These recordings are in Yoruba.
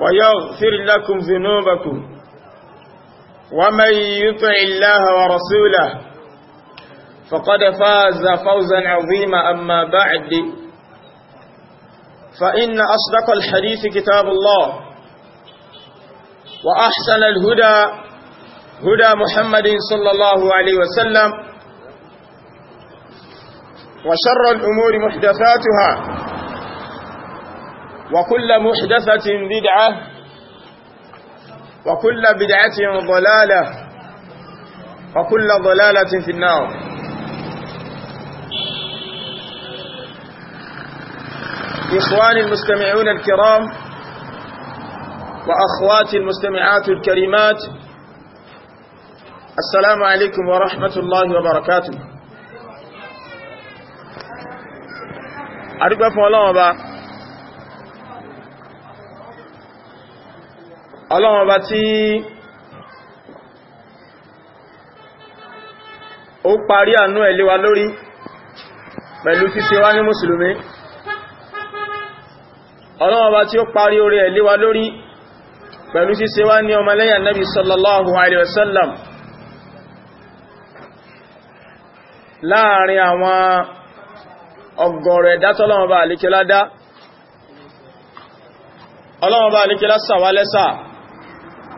ويغفر لكم ذنوبكم ومن يطع الله ورسوله فقد فاز فوزا عظيما أما بعد فإن أصدق الحديث كتاب الله وأحسن الهدى هدى محمد صلى الله عليه وسلم وشر الأمور محدثاتها وكل محدثة بدعة وكل بدعة ضلالة وكل ضلالة في النار إخواني المستمعون الكرام وأخواتي المستمعات الكريمات السلام عليكم ورحمة الله وبركاته أرجو فالله وبركاته ọlọ́run ọba tí ó parí àánú ẹ̀ lé wa lórí pẹ̀lú fífi wá ní mùsùlùmí ọlọ́run ọba tí ó parí orí ẹ̀ lé wa lórí pẹ̀lú ṣíṣe wá ní ọmọlẹ́yà nabi sallallahu alaihi wasallam láàrin àwọn ọgọ̀rọ̀ ẹ̀dá tọ́lọ́run ọba dá ọlọ́run ọba àlékelá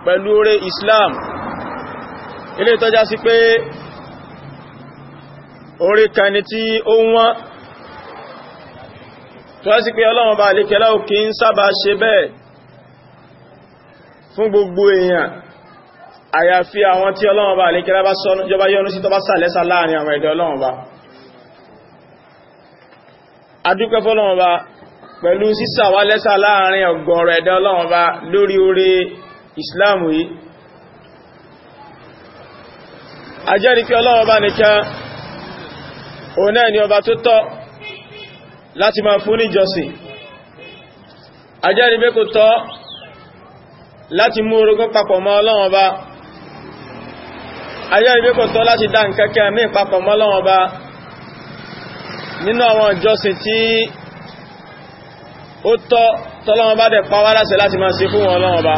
pẹ̀lú oore Islam ilé tọ́já sí pé oore kan ni tí ó wọ́n tó á sí pé Ọlọ́run bá lè kẹlá òkè ń sábà ṣe bẹ́ẹ̀ fún gbogbo èèyàn àyàfi àwọn tí Ọlọ́run bá lè kẹlá bá sọ́nú jọba yọ́nú sí tọ́bá sàlẹ́sà láàrin àwọn ẹ̀dẹ̀ Ọlọ́run bá adúpẹ́ ìsìláàmù yìí a jẹ́rìí pé Ọlọ́run bá nìkan òun náà ni ọba tó tọ́ láti máa fún ní ìjọsìn a jẹ́rìí pé kò tọ́ láti mú orogún papọ̀ mọ́ Ọlọ́run bá a jẹ́rìí pé kò tọ́ láti dá nkẹ́kẹ́ mí papọ̀ mọ́ Ọlọ́run bá nínú àwọn ìjọsìn tí ó tọ́ tọ́lọ́wọ́n bá dẹ̀ pa wá láti máa ṣe fún wọn Ọlọ́run bá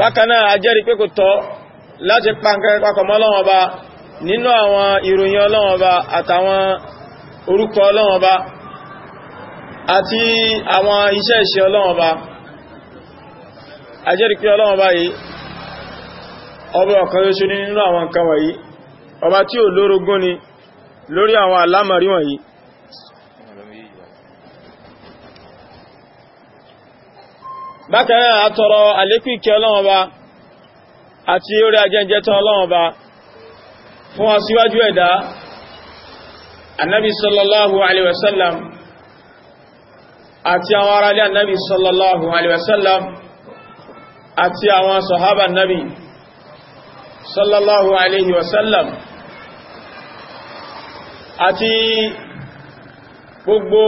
bákanáà ajẹ́rí pé kò tọ́ láti pa nǹkan papọ̀ mọ́ Ọlọ́run Ọba nínú àwọn ìròyìn Ọlọ́run Ọba àtàwọn orúkọ Ọlọ́run Ọba àti àwọn iṣẹ́ ìṣe Ọlọ́run Ọba ajẹ́rí pé Ọlọ́run Ọba yìí ọba ọ̀kan ṣoṣo nínú àwọn nǹkan wọ̀nyí ọba tí ò lórogún ni lórí àwọn àlámọ̀rí wọ̀nyí bákan náà àtọrọ àlékún ìkẹ́ Ọlọ́run Ọba àti orí ajẹ́jẹ́ tán Ọlọ́run Ọba fún aṣíwájú ẹ̀dá annabi sallallahu alaihi wasallam àti àwọn ará ilé annabi sallallahu alaihi wasallam àti àwọn sọ̀hábà annabi sallallahu alaihi wasallam àti gbogbo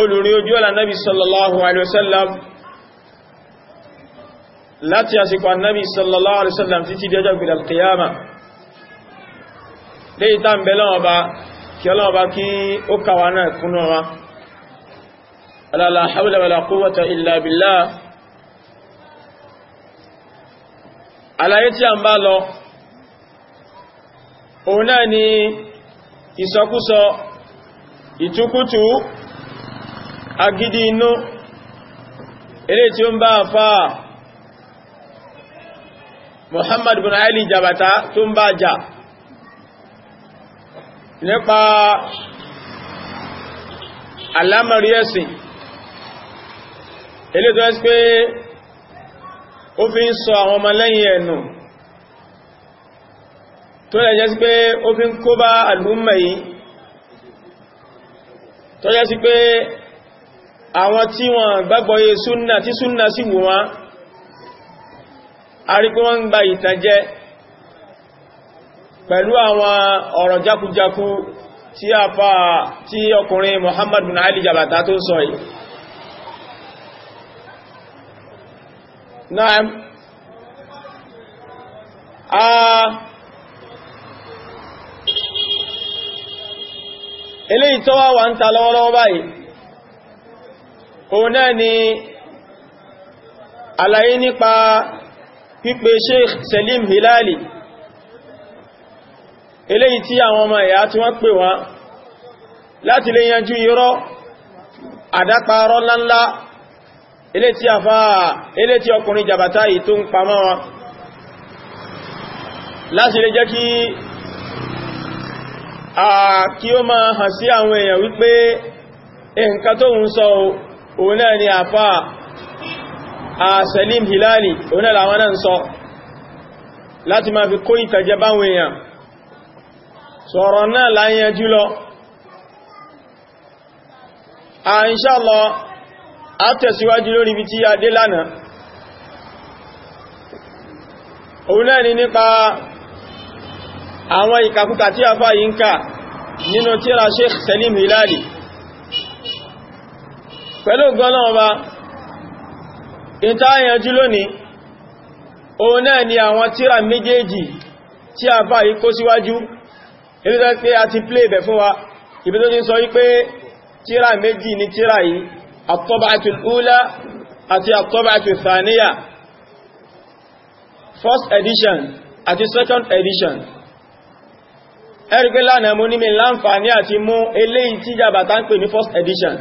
olùrí ojú ọ̀lá annabi sallallahu alaihi wasallam láti àsìkò annabi sallallahu alaihi wasallam títí di ọjọ́ ìgbìdà kìyàmà lè ìta ń bẹ lọ́wọ́ bá kí ọlọ́wọ́ bá kí ó kàwà náà kúnnà wa la hawla wala quwwata illa tí a ń bá lọ òun náà ni ìsọkúsọ ìtúkútù agídí inú eré tí ó ń bá àfáà Muhammad bin Ali Jabata tó ń bá jà nípa alámàrí ẹ̀sìn elétò ẹ́sì pé ó fi ń sọ àwọn ọmọlẹ́yìn ẹ̀nù tó lẹ́jẹ́ sí pé ó fi ń kó bá àlúmọ̀ yìí tó jẹ́ sí pé àwọn tí wọ́n gbàgbọ́ yé súnnà tí súnnà sì wọ́n a rí pé je ń gba ìtànjẹ pẹ̀lú àwọn ọ̀rọ̀ a fa tí ọkùnrin Muhammad bin Ali Jabata tó sọ yìí náà a ilé ìtọ́wà wà ń ta lọ́wọ́lọ́wọ́ báyìí o náà ni nípa pípé Sheikh Salim Hilali eléyìí tí àwọn ọmọ ẹ̀yà tí wọ́n pè wọ́n láti lè yanjú irọ́ àdáparọ́ ńláńlá eléyìí tí àfá eléyìí tí ọkùnrin jàbátá yìí tó ń pamọ́ wọn láti lè jẹ́ kí a kí ó máa hàn sí àwọn èèyàn wípé nǹkan tó ń sọ òun náà ni àfáà a Salim Hilali òun náà làwọn náà sọ láti máa fi kó ìtàjẹ báwọn èèyàn sọ̀rọ̀ náà láyẹn jùlọ a inshallah a tẹ̀síwájú lórí ibi tí a dé lánàá òun náà ni nípa àwọn ìkàkùkà tí a fà yí ń kà nínú tíra Sheikh Salim Hilali pẹ̀lú gọ́nà ọba ìta àyànjú lónìí òun náà ni àwọn tíra méjèèjì tí a bá yí kó síwájú ibi tó pé a ti plé ibẹ̀ fún wa ibi tó ti sọ wípé tíra méjì ni tíra yìí at-tab'atul ula àti at-tab'atul thaniya first edition àti second edition ẹ̀rìgbé lánàá mú ní mi láǹfààní àti mú eléyìí tí ń pè ní first edition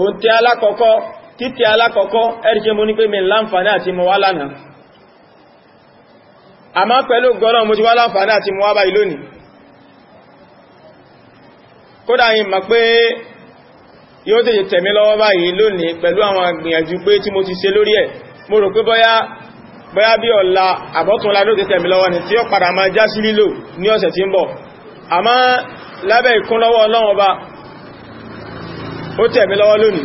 òun tí alákọ̀ọ́kọ́ títí alákọ̀ọ́kọ́ ẹ̀rìṣẹ́ mo ní pé mi láǹfàní àti mọ wá lánàá àmá pẹ̀lú gọ́nà mo ti wá láǹfàní àti mọ wá báyìí lónìí kódà yìí ma pé yóò tèjì tẹ̀mí lọ́wọ́ báyìí lónìí pẹ̀lú àwọn ìgbìyànjú pé tí mo ti ṣe lórí ẹ̀ mo rò pé bóyá bóyá bí ọ̀la àbọ́túnla ló ti tẹ̀mí lọ́wọ́ ni tí ó padà máa já sí lílò ní ọ̀sẹ̀ tí ń bọ̀ àmá lábẹ́ ìkúnlọ́wọ́ ọlọ́wọ́ bá ó tẹ̀mí lọ́wọ́ lónìí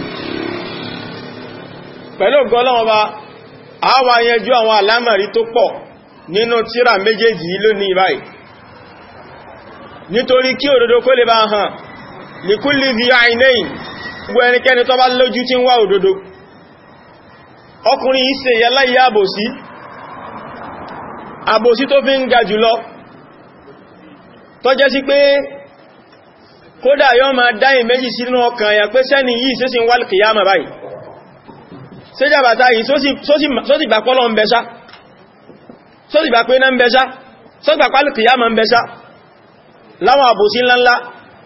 pẹ̀lú gọ́lọ́wọ́ba a wá yanjú àwọn alámàrí tó pọ̀ nínú tíra méjèèjì yìí lónìí báyìí nítorí kí òdodo kó lè bá hàn nìkúlì di àìnẹ́yìn gbogbo ẹnikẹ́ni tó bá lójú tí ń wá fi ma ṣe jàbàtà yìí só sì gbà pọ́lọ̀ ń bẹ̀ṣá só sì gbà pé náà ń bẹ̀ṣá só gbà pálù kìyà ma ń bẹ̀ṣá láwọn àbòsí ńláńlá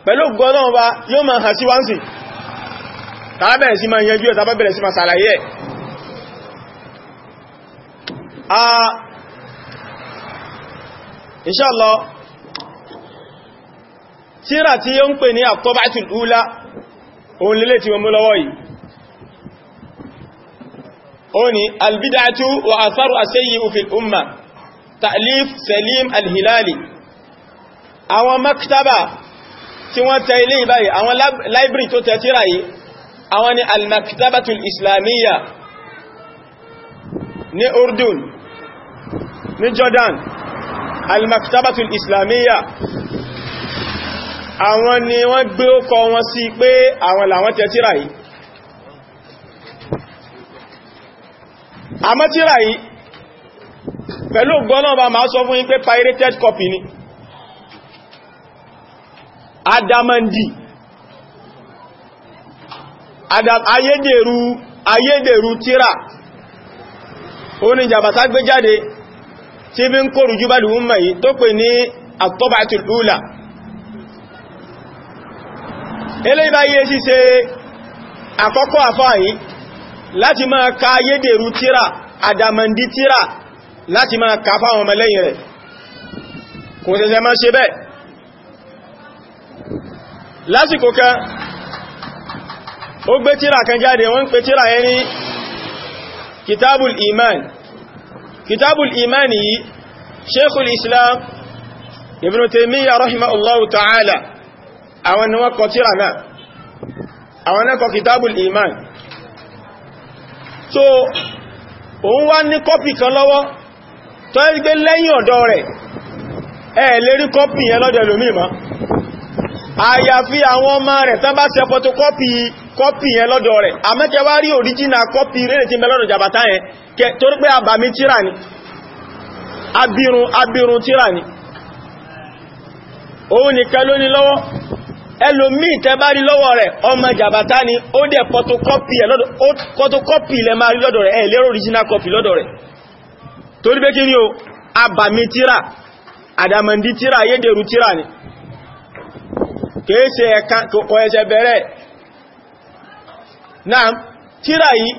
pẹ̀lú gọ́ọ̀lọ́wọ́ bá yóò ma hàn sí wáńsì tàbẹ̀rẹ̀ sí ma yanjú ẹ̀ tàbẹ̀rẹ̀ sí ma oni albidatu wa atharu asayi fil umma ta'lif salim alhilali àwọn maktaba tí wọ́n tẹ ilé báyìí àwọn library tó tẹ tírà yìí àwọn ni almaktabatul islamiyya ní urdun ní jordan almaktabatul islamiyya àwọn ni wọ́n gbé ọkọ̀ wọn sí pé àwọn làwọn tẹ tírà yìí àmọ́ tíra yìí pẹ̀lú gbọ́nàbà máa sọ fún yín pé pirated copy ni adamandi Adam, ayédèrú ayédèrú tíra oní jàbàtà gbé jáde tí bí ń kòrò jú bá lè wọ́n mẹ́yí tó pè ní àtọ́bàtìl ula eléyìí bá yé ṣíṣe àkọ́kọ́ àfáà yìí láti máa ka yédèrú tíra àdàmàndí tíra láti máa ka fáwọn ọmọlẹ́yìn rẹ̀ kò tẹ́sẹ̀ máa ṣe bẹ́ẹ̀ lásìkò kan ó gbé tíra kan jáde wọ́n ń pè tíra yẹn ní kitabul iman kitabul iman yìí sheikhul islam ibn taymiyyah rahimahullahu ta'ala àwọn ni wọ́n kọ tíra náà àwọn náà kitabul iman so òun wá ní kọ́pì kan lọ́wọ́ tó ẹ́ gbé lẹ́yìn ọ̀dọ̀ rẹ̀ ẹ lè rí kọ́pì yẹn lọ́dọ̀ lómi mọ́ àyàfi àwọn ọmọ rẹ̀ tán bá ṣe pọ̀tò kọ́pì kọ́pì yẹn lọ́dọ̀ rẹ̀ àmẹ́kẹwà rí òríjìnà kọ́pì rẹ̀ tí mẹ́lọ́dọ̀ jàbátá yẹn kẹ torí pé àbàmí tíra ni abirun abirun tíra ni òun ẹlòmíì tẹ bá rí lọ́wọ́ rẹ̀ ọmọ jàbátá ni ó dẹ̀ photocopy ilẹ̀ máa rí lọ́dọ̀ rẹ̀ ẹ̀ lérò original copy lọ́dọ̀ rẹ̀ torí pé kí ni o abàmì tíra àdàmàndí tíra ayédèrú tíra ni kèése ẹ̀ka kò ẹsẹ̀ bẹ̀rẹ̀ náà tíra yìí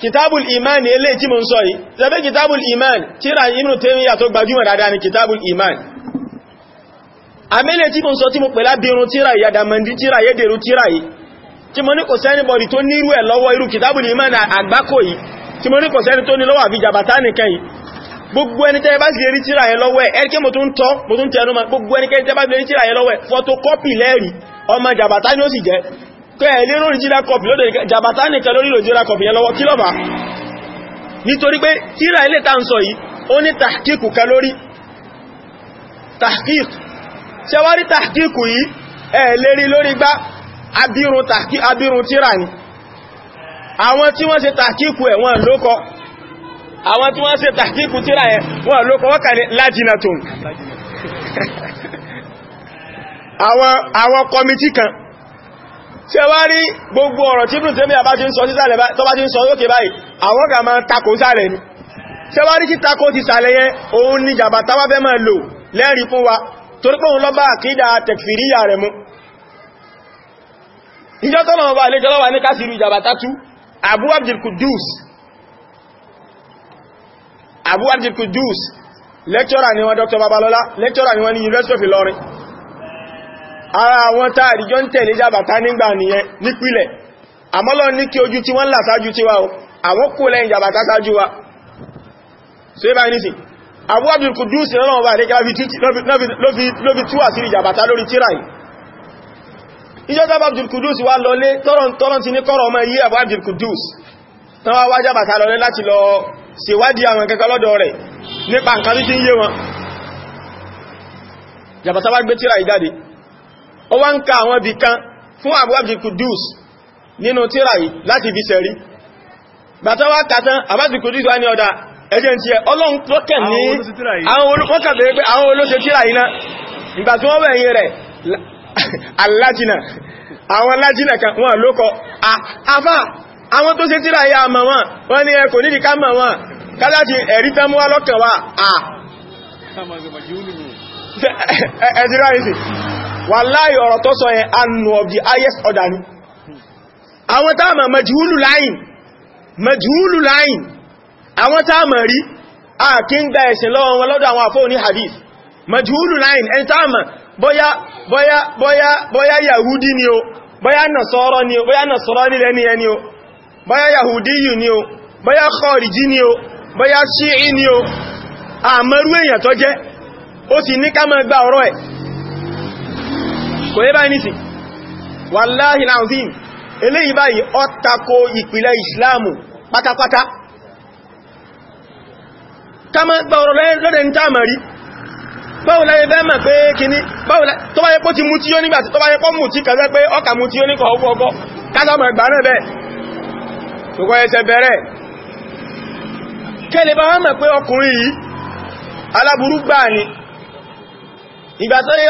kìtàbùl iman ni eléyìí tí mo ń sọ yìí tẹ́bẹ́ kìtàbùl iman tíra Ibn Taymiyyah tó gbajúmọ̀ dáadáa ni kìtàbùl iman àmẹ́lẹ̀ tí mo sọ tí mo pẹ̀lá dẹrun tíra ìyàdàmọ̀ndí tíra yẹ́dẹ̀rú tíra yìí tí mo ní kò sẹ́ni bọ̀dì tó nírú ẹ̀ lọ́wọ́ irú kìtàbùl ìmánì àgbákò yìí tí mo ní kò sẹ́ni tó ní lọ́wọ́ àbí jàbátá nìkan yìí gbogbo ẹni tẹ́ bá sì rí tíra yẹn lọ́wọ́ ẹ̀ ẹ́rìkẹ́ mo tún tọ́ mo tún tẹnu ma gbogbo ẹni tẹ́ bá sì rí ṣe wá rí tàkíkù yìí ẹ̀ lérí lórí gbá abirun tíra ni àwọn tí wọ́n ṣe tàkíkù ẹ̀ wọ́n lókọ àwọn tí wọ́n ṣe tàkíkù tíra ẹ̀ wọ́n lókọ wọ́n kà ní lájínàtùn àwọn kọmití kan ṣe wá rí gbogbo ọ̀rọ̀ tí Ibn Taymiyyah bá ti ń sọ sísàlẹ̀ tó bá ti fún wa torí pé òun lọ bá àkídà tẹ̀kfìríyà rẹ̀ mú ìjọ tọ́nà ọba àlejọ́lọ́wà ní Abu Abdul Qudus Abu Abdul Qudus lecturer ni wọ́n Dr. babalola, lecturer ni wọ́n ní University of Ilorin ara àwọn táàrí jọ ń tẹ̀lé jàbàtá nígbà nìyẹn nípìlẹ̀ àmọ́lọ́ ní kí ojú tí wọ́n là sáájú tiwa o àwọn kò lẹ́yìn jàbàtá sáájú wa so ibà Abu Abdul Qudus lọ́wọ́ bá lẹ́kẹ́ ló fi túwà sí ìjàbàtà lórí tíra yìí ìjọba Abu Abdul Qudus wá lọlé tọ́rọ̀n ti ní kọ́rọ̀ ọmọ yí Abu Abdul Qudus tán wá wájábàtà lọlé láti lọ ṣèwádìí àwọn kẹ́kọ́ lọ́dọ̀ rẹ̀ nípa nǹkan tí ń yé wọn jàbàtà wá gbé tíra ìjáde ó wá ń ka àwọn ibì kan fún Abu Abdul Qudus nínú tíra yìí láti fi e ti ẹ ọlọ́run pọ́kẹ̀ ní àwọn olóṣe tíra iná ìgbà tí wọ́n wẹ̀yìn rẹ̀ alájìnà àwọn alájìnà kan wọ́n lókọ àfá àwọn tó ṣe tíra yá àmà wọn wọ́n ni ẹkò nídi ká mà wọn kálájì ẹ̀rí tán múwá lọ́kàn wá à ẹ̀dìrá ìsì àwọn táàmà rí a kí ń gba ẹ̀sìn lọ́wọ́ wọn lọ́dọ̀ àwọn àfọ́ ní hadith majhulu line. ẹni táàmà bóyá bóyá bóyá bóyá yahudi ni o bóyá nasọ́rọ́ ni o bóyá nasọ́rọ́ nílẹ̀ ni ẹni o bóyá yahudiyu ni o bóyá kọrìjí ni o bóyá ṣíì ni o àmọ́rú èèyàn tó jẹ́ ó sì ní ká máa gba ọ̀rọ̀ ẹ̀ kò yẹ báyìí nìsìn wàláhìláhùn eléyìí báyìí ó tako ìpìlẹ̀ ìsìláàmù pátápátá kama gba ọ̀rọ̀ lọ́dẹ̀ ní a rí báwọlá ẹgbẹ́ mọ̀ pé kìíní tó bá yẹ pọ́ ti mú tí ó nígbàtí tó bá yẹ pọ́ mú ka kàzẹ́ pé ọkà mú tí ó níkọ̀ ọgbọ́ ọgbọ́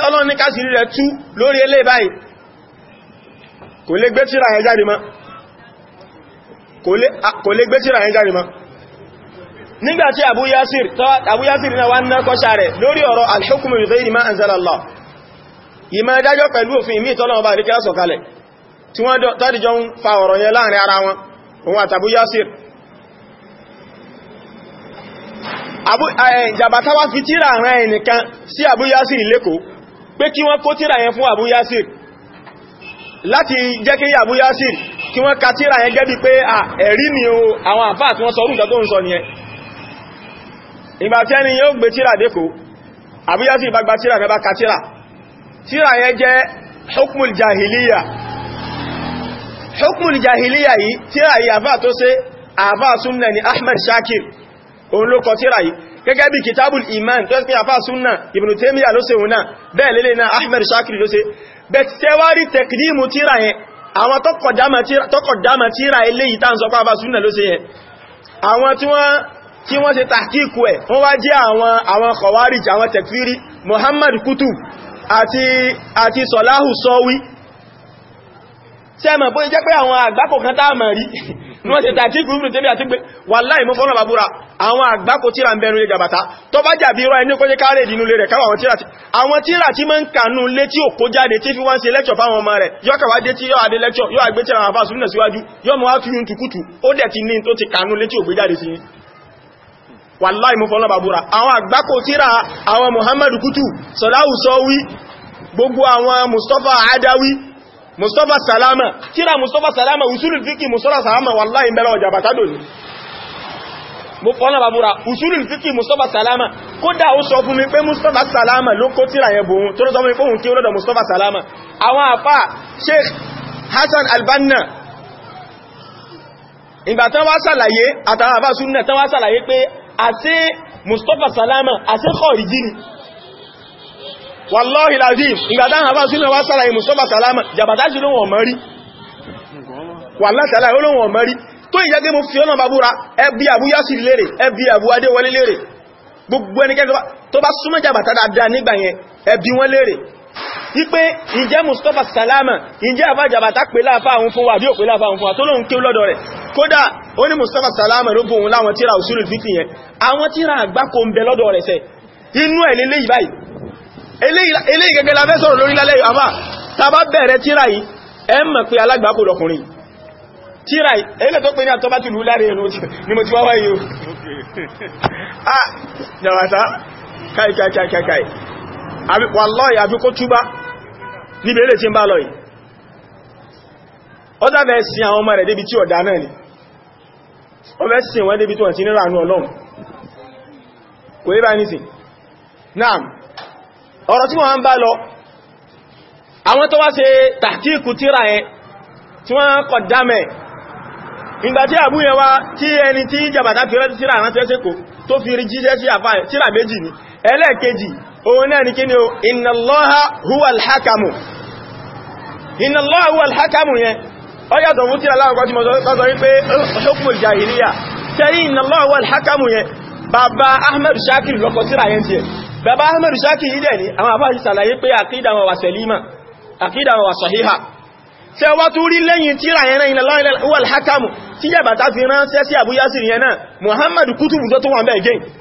Ọlọ́run ní rẹ̀ tú lórí ẹlẹ́ báyìí kò lè gbé tíra mọ́ nígbàtí Abu Yasir Abu Yasir náà wá ń nákọ́ṣà rẹ̀ lórí ọ̀rọ̀ al-hukmu bi ghayri ma anzala Allah ìmá dájọ́ pẹ̀lú òfin ìmí ìtọ́lọ́wọ́ bá ríkẹ́ sọ̀kalẹ̀ tí wọ́n tọ́dìjọ ń fa ọ̀rọ̀ yẹn láàrin ara wọn òun àti Abu Yasir eh, jàbátá wá fi tíra àwọn ẹnìkan sí Abu Yasir lẹ́kọ́ pé kí wọ́n kó tíra yẹn fún Abu Yasir láti jẹ́ kí Abu Yasir kí wọ́n ka tíra yẹn pé ẹ̀rí ni àwọn àfáà tí wọ́n sọ orúkọ tó ń sọ nìyẹn ìgbà tí ẹni yóò gbé tíra dékò àbúyá sí ìbá gba tíra mẹ́bá ka tíra tíra yẹn jẹ́ hukmul jahiliya hukmul jahiliya yìí tíra yìí àfáà tó ṣe àfáà súnnà ni Ahmad Shakir òun ló kọ tíra yìí gẹ́gẹ́ bí kitabul iman tó ṣe àfáà súnnà Ibn Taymiyyah ló ṣe òun náà bẹ́ẹ̀ lélẹ̀ náà Ahmad Shakir ló ṣe bẹ́ẹ̀ tẹ́wárí tẹ̀kìdímù tíra yẹn àwọn tọ́kọ̀dámà tíra eléyìí tá tí wọ́n ṣe tàkíkù ẹ̀ wọ́n wá jẹ́ àwọn àwọn kọ̀wárìjì àwọn tẹ̀kfírí Muhammad Kutub àti àti Sọ̀láhù Sọ́wí sẹ́mọ̀ bó jẹ́ pé àwọn àgbákò kan táàmà rí wọ́n ṣe tàkíkù ìbìnrin tẹ́bí àti pé wàláì mọ́ fọ́nà bàbúra àwọn àgbákò tíra ń bẹnu lè gàbàtà tó bá jàbí rọ ẹni kọjẹ́ káàrẹ̀ ìdínú lè rẹ̀ káwà àwọn tíra àwọn tíra tí mọ́ ń kànú lé tí ò kó jáde tí fi wọ́n ṣe lẹ́kṣọ̀ ó dẹ̀ ti ti kànú lé tí ò gbé wàláì mú fọ́nà bàbúra àwọn àgbákò tíra àwọn muhammadu kutu sọ̀láhù sọ́wí gbogbo àwọn mustapha adawi mustapha salama tíra mustapha salama usulul fiki mustapha salama wàláì mẹ́rọ ọjà bàtàdò ní mú fọ́nà bàbúra usulul fiki mustapha salama kódà ó sọ fún mi pé mustapha salama ló kó tíra yẹ bòun tó rọ́sọ́ fún mi fóhun kí ó lọ́dọ̀ mustapha salama àwọn àfà sheikh hassan albanna ìgbà tán wá sàlàyé àtàwọn àbá súnnà tán wá sàlàyé pé àti Mustapha Salama àti kọ̀rìjì ni wàlọ́hì lazim ìgbàdá àbá sínú wá sára yìí Mustapha Salama jàbàtà sí lóhun ọ̀mọ́rí wàlátàlá olóhun ọ̀mọ́rí tó ìyẹ́gẹ́ mo fi ọ́nà babúra ẹbí àbúyá sí lérè ẹbí àbú adéwọlé lérè gbogbo ẹnikẹ́ tó bá súnmọ́ jàbàtà dáadáa nígbà yẹn ẹbí wípé ìjẹ́ Mustapha Salama ìjẹ́ àbájàbàtà pè láàfà àwọn fún wa bí ò pè láàfà àwọn fún wa tó lóun kí lọ́dọ̀ rẹ̀ kódà ó ní Mustapha Salama ló bóun láwọn tíra usulul fiqh yẹn àwọn tíra àgbákò ń bẹ lọ́dọ̀ rẹ̀ sẹ inú ẹ̀ lélẹ́yìí báyìí eléyìí gẹ́gẹ́ la fẹ́ sọ̀rọ̀ lórí lálẹ́ yìí àmà tàbá bẹ̀rẹ̀ tíra yìí ẹ mọ̀ pé alágbàkò lọkùnrin tíra yìí ẹlẹ́ tó pé ní àtọ́bá tìlú láre ẹnu ni mo ti wá wáyé o ah, wàláhì àfi kó túbá níbi eré tí ń bá lọ ó sáfẹ́ sin àwọn ọmọ rẹ̀ débi tí ọ̀dá náà ni ó fẹ́ sin wọ́n débi tí wọ́n ti nírà àánú ọlọ́run kò yí bá ní sin náà ọ̀rọ̀ tí wọ́n ń bá lọ àwọn tó wá ṣe tàkíkù tíra yẹn tí wọ́n kọ̀ dámẹ̀ ìgbà tí àbúyẹ wá tí ẹni tí jàbàtà fi rẹ́ tíra àwọn tẹ́sẹ́kò tó sí ẹlẹ́ẹ̀kejì òun náà ni kí ni o inna Allaha huwa al-hakamu inna Allaha huwa al-hakamu yẹn ó yàtọ̀ fún tí aláàkọ́ tí mọ́sọ̀ wípé hukmul jahiliya tẹ́rí inna Allaha huwa al-hakamu yẹn bàbá Ahmad Shakir lọ́kọ̀ síra yẹn tí ẹ bàbá Ahmad Shakir yìí dẹ̀ ni àwọn àbájí sàlàyé pé àkídà wọn wà sẹ̀límà àkídà wọn wà sàhíhà tí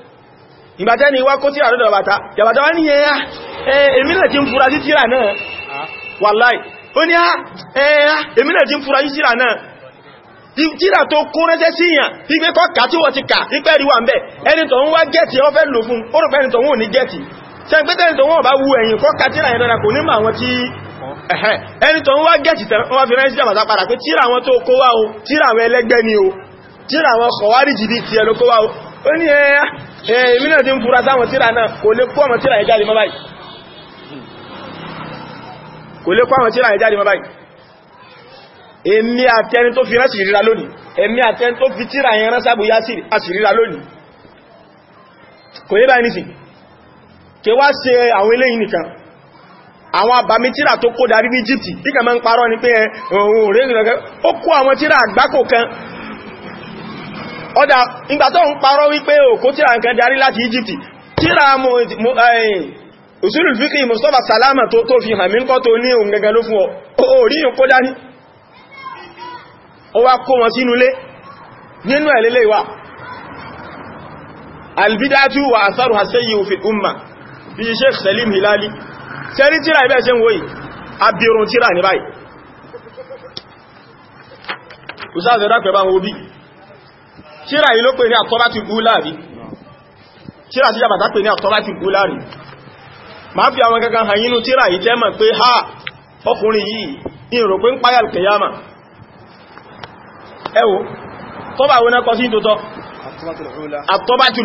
ìgbàtẹ́ ni wá kó tí àrọ́dọ̀ bàtà yàbàtà wá ní ẹ̀yà èmìnà tí ń fura sí tíra náà ah, wàláì ó ní ah, ẹ̀yà ah, èmìnà tí ń fura sí tíra náà tíra tó kún rẹ́sẹ́ sí ìyàn tí gbé kọ́ kà tí wọ́n ti kà nípẹ́ ríwà ń bẹ̀ ẹni tó ń wá gẹ́ẹ̀tì ọ fẹ́ lò fún ó rò pẹ́ni tó wọ́n ní gẹ́ẹ̀tì ṣe ń pẹ́tẹ́ni tó wọ́n bá wu ẹ̀yìn kọ́ kà tíra yẹn dára kò ní mà wọn tí ẹni tó ń wá gẹ́ẹ̀tì wọ́n fi rẹ́sí jàmàtà padà pé tíra wọn tó kó wá o tíra wọn ẹlẹ́gbẹ́ ni o tíra wọn kọ̀wárìjì bí ti ẹlòkó wá o ó ní ẹ̀yà èmi náà ti ń fura sáwọn tíra náà kò lè kó àwọn tíra ìjáde mọ́ báyìí kò lè kó àwọn tíra ìjáde mọ́ báyìí èmi àtẹni tó fi rán sìríra lónìí èmi àtẹni tó fi tíra yẹn rán sábúyá sìríra lónìí kò yé báyìí nìsìn kí wá ṣe àwọn ọ̀dà ìgbà tó ń parọ́ wípé òkú tíra nǹkan darí láti Egypt tíra eh, usulul fiqh Mustafa Salama tó tó fi hàn mí kọ́ tó ní òun gẹ́gẹ́ ló fún ọ orí yìí kó dání albidatu wa asaru hasayyi fi umma bí i Sheikh Salim Hilali sẹ́rí tíra ibẹ̀ ṣe ń wòye abirun tíra ní báyìí tíra yìí ló pè ní àtọ́bátì gúláàrí tíra tí jàbàtà pè ní àtọ́bátì gúláàrí ma fi àwọn kankan hàn yínú tíra yìí tẹ́ mọ̀ pé ha ọkùnrin yìí ìrò pé ń páyà kìyàmà ẹwò tọ́bà wọn kọ sí ìtòtọ́ àtọ́bátì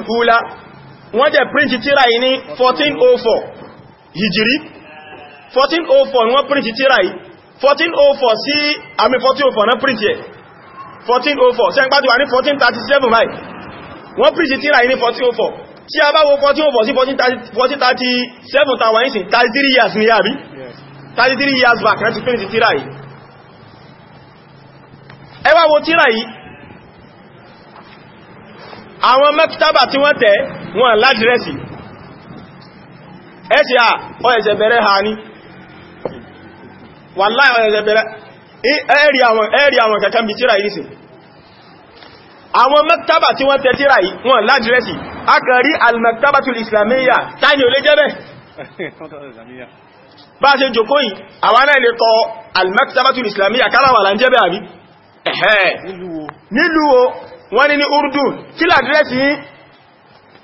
wọ́n jẹ́ píríntì tíra yìí ní 1404 hìjìrí 1404 wọ́n píríntì tíra yìí 1404 sí àmì 1404 náà píríntì ẹ̀ 1404 ṣe ń pàtí wà ní 1437 báyìí wọ́n pìsì tíra yìí ní 1404 tí a bá wo 1404 sí 1437 tàwà ní sí 33 years ní yàbí 33 years back láti pìsì tíra yìí ẹ wá wo tíra yìí àwọn mẹ́kítàbà tí wọ́n tẹ̀ wọ́n ládìrẹ́sì ẹ̀ṣẹ̀ à ọ̀ẹ̀ṣẹ̀ bẹ̀rẹ̀ ha ní wà láì ọ̀ẹ̀ṣẹ̀ bẹ̀rẹ̀ ẹ̀rí àwọn kankan bí tíra yìí sí àwọn maktaba tí wọ́n tẹ tíra yìí wọ́n ládírẹ́sì akẹrí al-maktabatul islamiyya tání olé jẹ́ bẹ́ bá ṣe jòkó yìí àwọn náà lè kọ al-maktabatul islamiyya káláwà là ń bẹ́ urdu kí ládírẹ́sì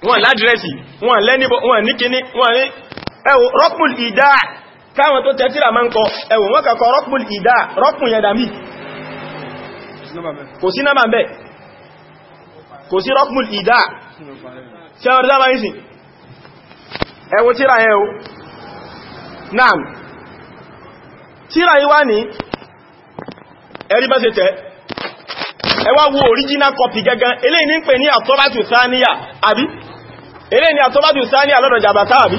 wọ́n ládírẹ́sì wọ́n lẹ́nìbọ̀ wọ́n ní kíní wọ́n ní ẹwọ rọ́pùl ìdáà káwọn tó tẹ́tíra máa ń kọ ẹ̀wọ̀n wọ́n kàkọ rọ́pùl ìdá rọ́pùn yẹn dàmí kò sí náà bẹ̀ kò sí rọ́pùl ìdá tí a rọ́dá máa ń sìn ẹwọ tíra yẹn o náà tíra yí ní ẹ̀rí bá ṣe tẹ́ ẹwà wo original copy gẹ́gẹ́ eléyìí ní pè ní àtọ́bátù sáníyà àbí eléyìí ní àtọ́bátù sáníyà lọ́dọ̀ jàbátá àbí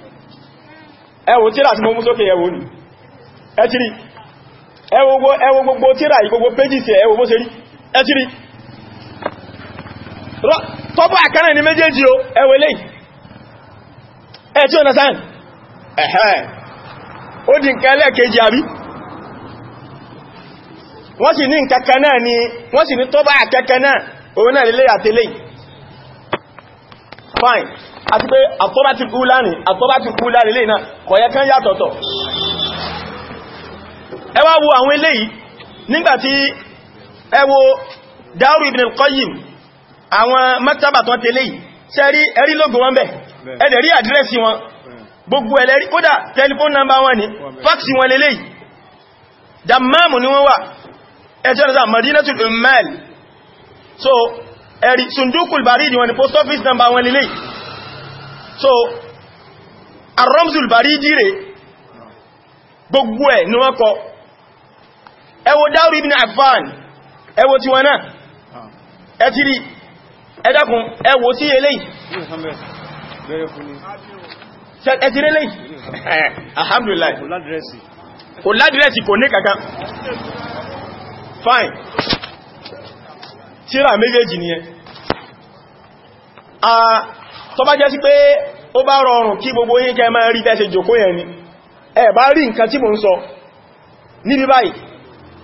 ẹwọ tíra tí mo mú sókè ẹwọ ní ẹtìrí gbogbo tíra ìgbogbo péjìsì ẹwọ bó ṣe rí ẹtìrí tọ́bọ̀ àkánà ní méjèèjì o ẹwọ ilé ẹtí ọ̀nà sáàn ẹ̀hẹ́ ó di nǹkan àbí wọ́n sì ní nǹkan kan náà ni wọ́n sì ní tọ́bọ̀ àkẹ́kẹ́ náà òun fine àti pé àtọ́bá ti kú láàrin àtọ́bá ti kú láàrin lè náà kọ̀yẹ kan yàtọ̀tọ̀ ẹ wá wo àwọn eléyìí nígbàtí ẹ wo dáúrù ibn al-Qayyim àwọn mẹ́tàbàtàn tẹ́lẹ̀ yìí sẹ́rí ẹ̀rí lógo wọn bẹ̀ ẹ̀dẹ̀ rí àdírẹ́sì wọn gbogbo ẹ̀lẹ́rí kódà tẹlifóònù nàmbà wọn ni fáksì wọn lélẹ̀ yìí dàmáàmù ni wọ́n wà ẹ̀ṣẹ́ ẹ̀rí sundukul baridi wọn ni post office number wọn lè so aromzul baridi rẹ̀ gbogbo ẹ̀ ni wọ́n kọ ẹ wo dáúrí ibn Affan ẹ wo tí wọn náà ẹ ti rí ẹ dákun ẹ wo tí eléyìí ẹ ti rí eléyìí fine tíra méjèèjì ni ẹ tó bá jẹ́ sí pé ó bá rọrùn kí gbogbo yín kẹ máa rí tẹ́ṣe jòkó yẹn ni ẹ bá rí nǹkan tí mo ń sọ níbi báyìí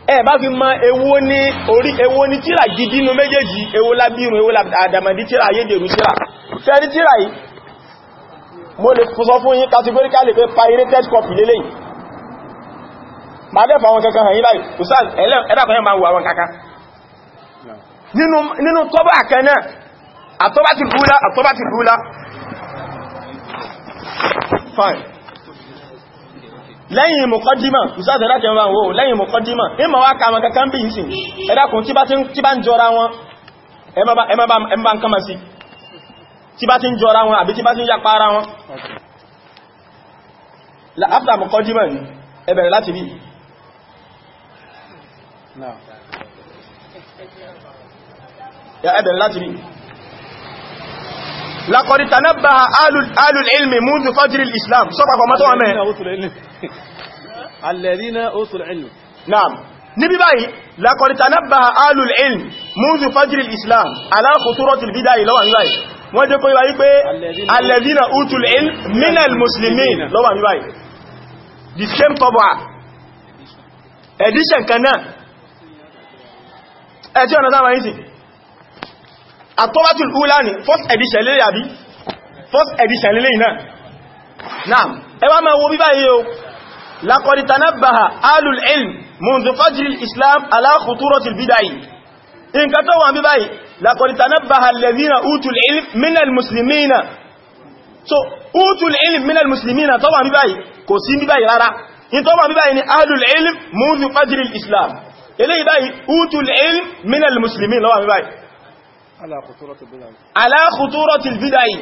ẹ bá fi mọ èwo ni orí èwo ni tíra gidi nínú méjèèjì èwo lábírùn èwo àdàmàdí tíra ayédèrú tíra fẹ́rí tíra yìí mo lè sọ fún yín categorically pé pirated copy lélẹ́yìn ma dẹ́fà àwọn kankan hàn yí báyìí kùsáà ẹ̀dàkùn yẹn ma wù àwọn kankan nínú tọ́bà kẹ́nà àtọ́bà ti búlá àtọ́bà ti búlá fine lẹ́yìn mọ̀kọ́dímà ìsáàtẹ̀lá kẹwàá wò lẹ́yìn mọ̀kọ́dímà ìmọ̀ wá kàmà kankan bí ìsìn ẹ̀dàkùn tí bá ń jọra wọn ẹmọ́bá ń kàmà sí tí bá ti ń jọra wọn àbí tí bá ti ń yapa ara wọn after mọ̀kọ́dímà ẹbẹ̀rẹ̀ láti rí ẹ̀bẹ̀rẹ̀ láti rí لقد تنبه آل آل العلم منذ فجر الإسلام سبق ما تو ame الذين أوتوا العلم نعم níbi báyìí لقد تنبه آل العلم منذ فجر الإسلام على خطورة البدع lọ́wà ní báyìí wọ́n jẹ́ kó ìwáyí pé الذين أوتوا العلم من المسلمين lọ́wà ní báyìí the same tọ́bọ̀ edition kan náà ẹ̀tí ọ̀nà sáwọn yìí àtọ́wàtùl ula ni first edition lè yàbí first edition lè náà náà ẹwà máa wo bí báyìí o laqad tanabbaha alul ilm mundu fajri islam ala khuturatil bidai nǹkan tó wà bí báyìí ilm minal so utul ilm minal muslimina tó wà bí báyìí kò sí bí báyìí rárá in tó wà bí báyìí ni alul ilm mundu fajri islam eléyìí báyìí aláàkùtúrọ̀tì bídáyì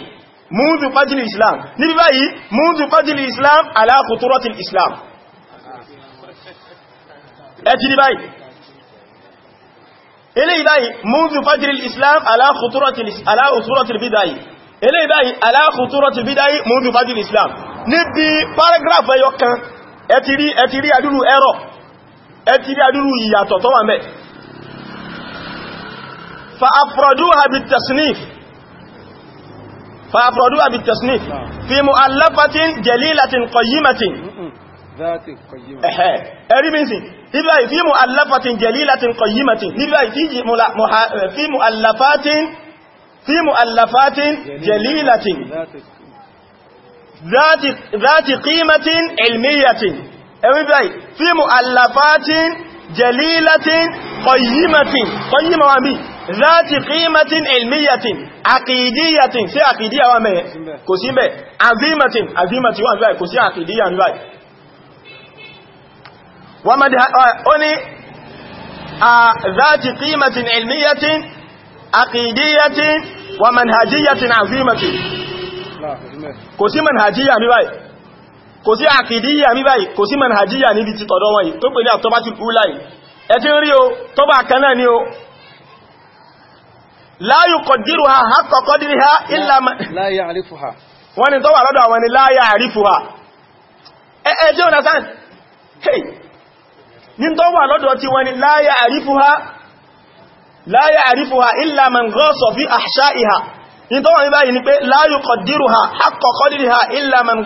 múùdù pàtílì islam níbi báyìí múùdù pàtílì islam aláàkùtúrọ̀tì islam ẹ̀tì ní báyìí ilé ìbáyìí múùdù pàtílì islam aláàkùtúrọ̀tì bídáyì ilé ìbáyìí aláàkùtúrọ̀tì bídáyì múùdù pàtílì islam níbi paragraph ẹyọ kan ẹ̀tì rí adúrú ẹ̀rọ ẹ̀tì rí adúrú ìyàtọ̀ فأفردوها بالتصنيف فأفردوها بالتصنيف نعم. في مؤلفة جليلة قيمة ذات قيمة أريبنسي نبقى في مؤلفة جليلة قيمة في, في مؤلفات في مؤلفات جليلة ذات ذات قيمة علمية أريبنسي في مؤلفات جليلة قيمة قيمة وعمي ذاتي قيمة علمية عقيدية سي عقيدية وامي كسي بي عظيمة عظيمة وان باي كسي عقيدية وان باي ومدها اوني ذاتي قيمة علمية عقيدية ومنهجية عظيمة كسي منهجية مي باي كسي عقيدية مي باي كسي منهجية ني بي تي تودو وان تو بي ni automatic rule ẹ ti rí o tó bá kan o la yuqaddiruha haqqa qadriha illa man la ya'rifuha wọ́n ni tó wà lọ́dọ̀ àwọn ni la ya'rifuha ẹ̀ẹ́ jẹ́ ọ̀nà sáà hey ní tó wà lọ́dọ̀ tí wọ́n ni la ya'rifuha la ya'rifuha illa man ghassa fi ahsha'iha ní tó wà ní báyìí ni pé la yuqaddiruha haqqa qadriha illa man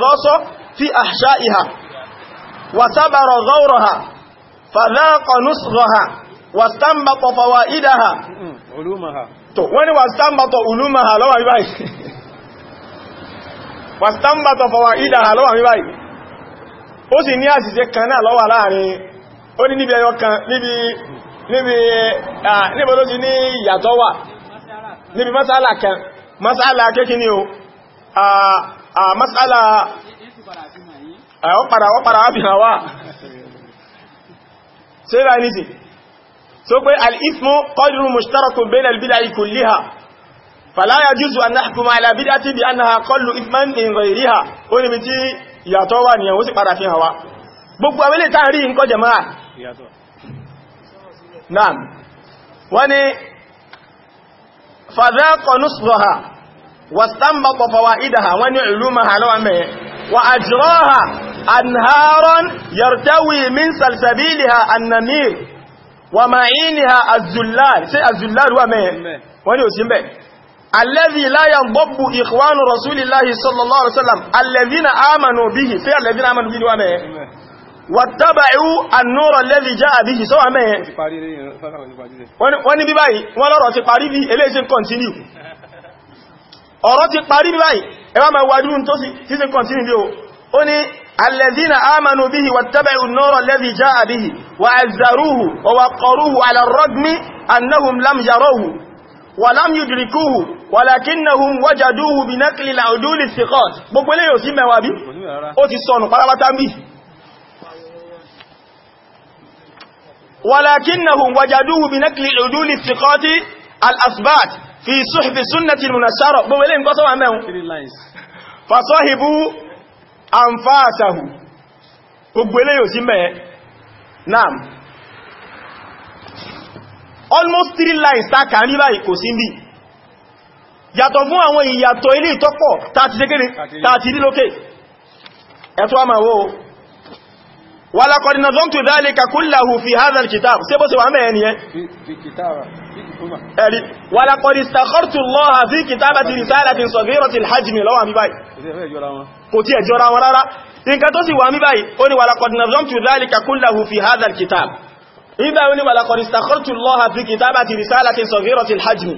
tó wọ́n ni wàstánbàtọ̀ ulúmà àlọ́wà mi báyìí wàstánbàtọ̀ fọwà ìdà àlọ́wà mi báyìí ó sì ní àṣìṣe kan náà lọ́wà láàrin ó ní níbi ẹyọ kan níbi níbi tó ti ní ìyàtọ̀ wà níbi masala kan masala kékíní o a masala ọ̀pàdà wọ́pàdà wábìnà wà ṣe bá tó pé al'ismu qadru mushtarakun bayna al-bid'i kulliha fala yajuzu an nahkuma ala bid'atin bi annaha aqallu ithman min ghayriha ó ní tí ìyàtọ̀ wà ní ẹ̀wọ́ sì padà fi hàn وأجراها أنهارا يرتوي من سلسبيلها النمير wà máa yí ni ha azùláàrí sí azùláàrí wà mẹ́rin wọ́n ni ò sí mẹ́ alẹ́bí láyàn gbọ́bù ìkwánu rasulillahi sallallahu alaihi wasallam alẹ́bí na amanu bihi sí alẹ́bí na ọ̀rọ̀ ti parí bí báyìí ẹwà máa wájú tó sì continue bí o ó ní الذين آمنوا به واتبعوا النور الذي جاء به وعزروه ووقروه على الرغم أنهم لم يروه ولم يدركوه ولكنهم وجدوه بنقل العدول الثقات gbogbo eléyìí ò sí mẹ́wàá bí ó ti sọnù pálábátá bí ولكنهم وجدوه بنقل العدول الثقات الأثبات في صحب سنة المنشرة gbogbo eléyìí ń gọ́sọ́wà mẹ́un فصاحبوا àǹfààsàhù gbogbo eléyò sí mẹ́ naam almost three lines tàkà ní báyìí kò sí bí yàtọ̀ fún àwọn ìyàtọ̀ ilé ìtọ́pọ̀ tàti ní lókè ẹ̀tọ́ àmàwò wà lákọ̀dínà zọ́ntù dhalika kullahu fi hadha al-kitab sí bó sì wà mẹ́ ẹni ẹ̀rí wàlàkọ̀dì sàkọ́rtù lọ́ha sí kìtàbà ti rìsáàlá ti sọ̀gẹ́rọ̀ ti hajjmi lọ́wà mi báyìí kò tí ẹ jọra wọn rárá nǹkan tó sì wà mí báyìí ó ní wàlàkọ̀dì nazamtu dhalika kullahu fi hadha alkitab ibà ó ní wàlàkọ̀dì sàkọ́rtù lọ́ha sí kìtàbà ti rìsáàlá ti sọ̀gẹ́rọ̀ ti hajjmi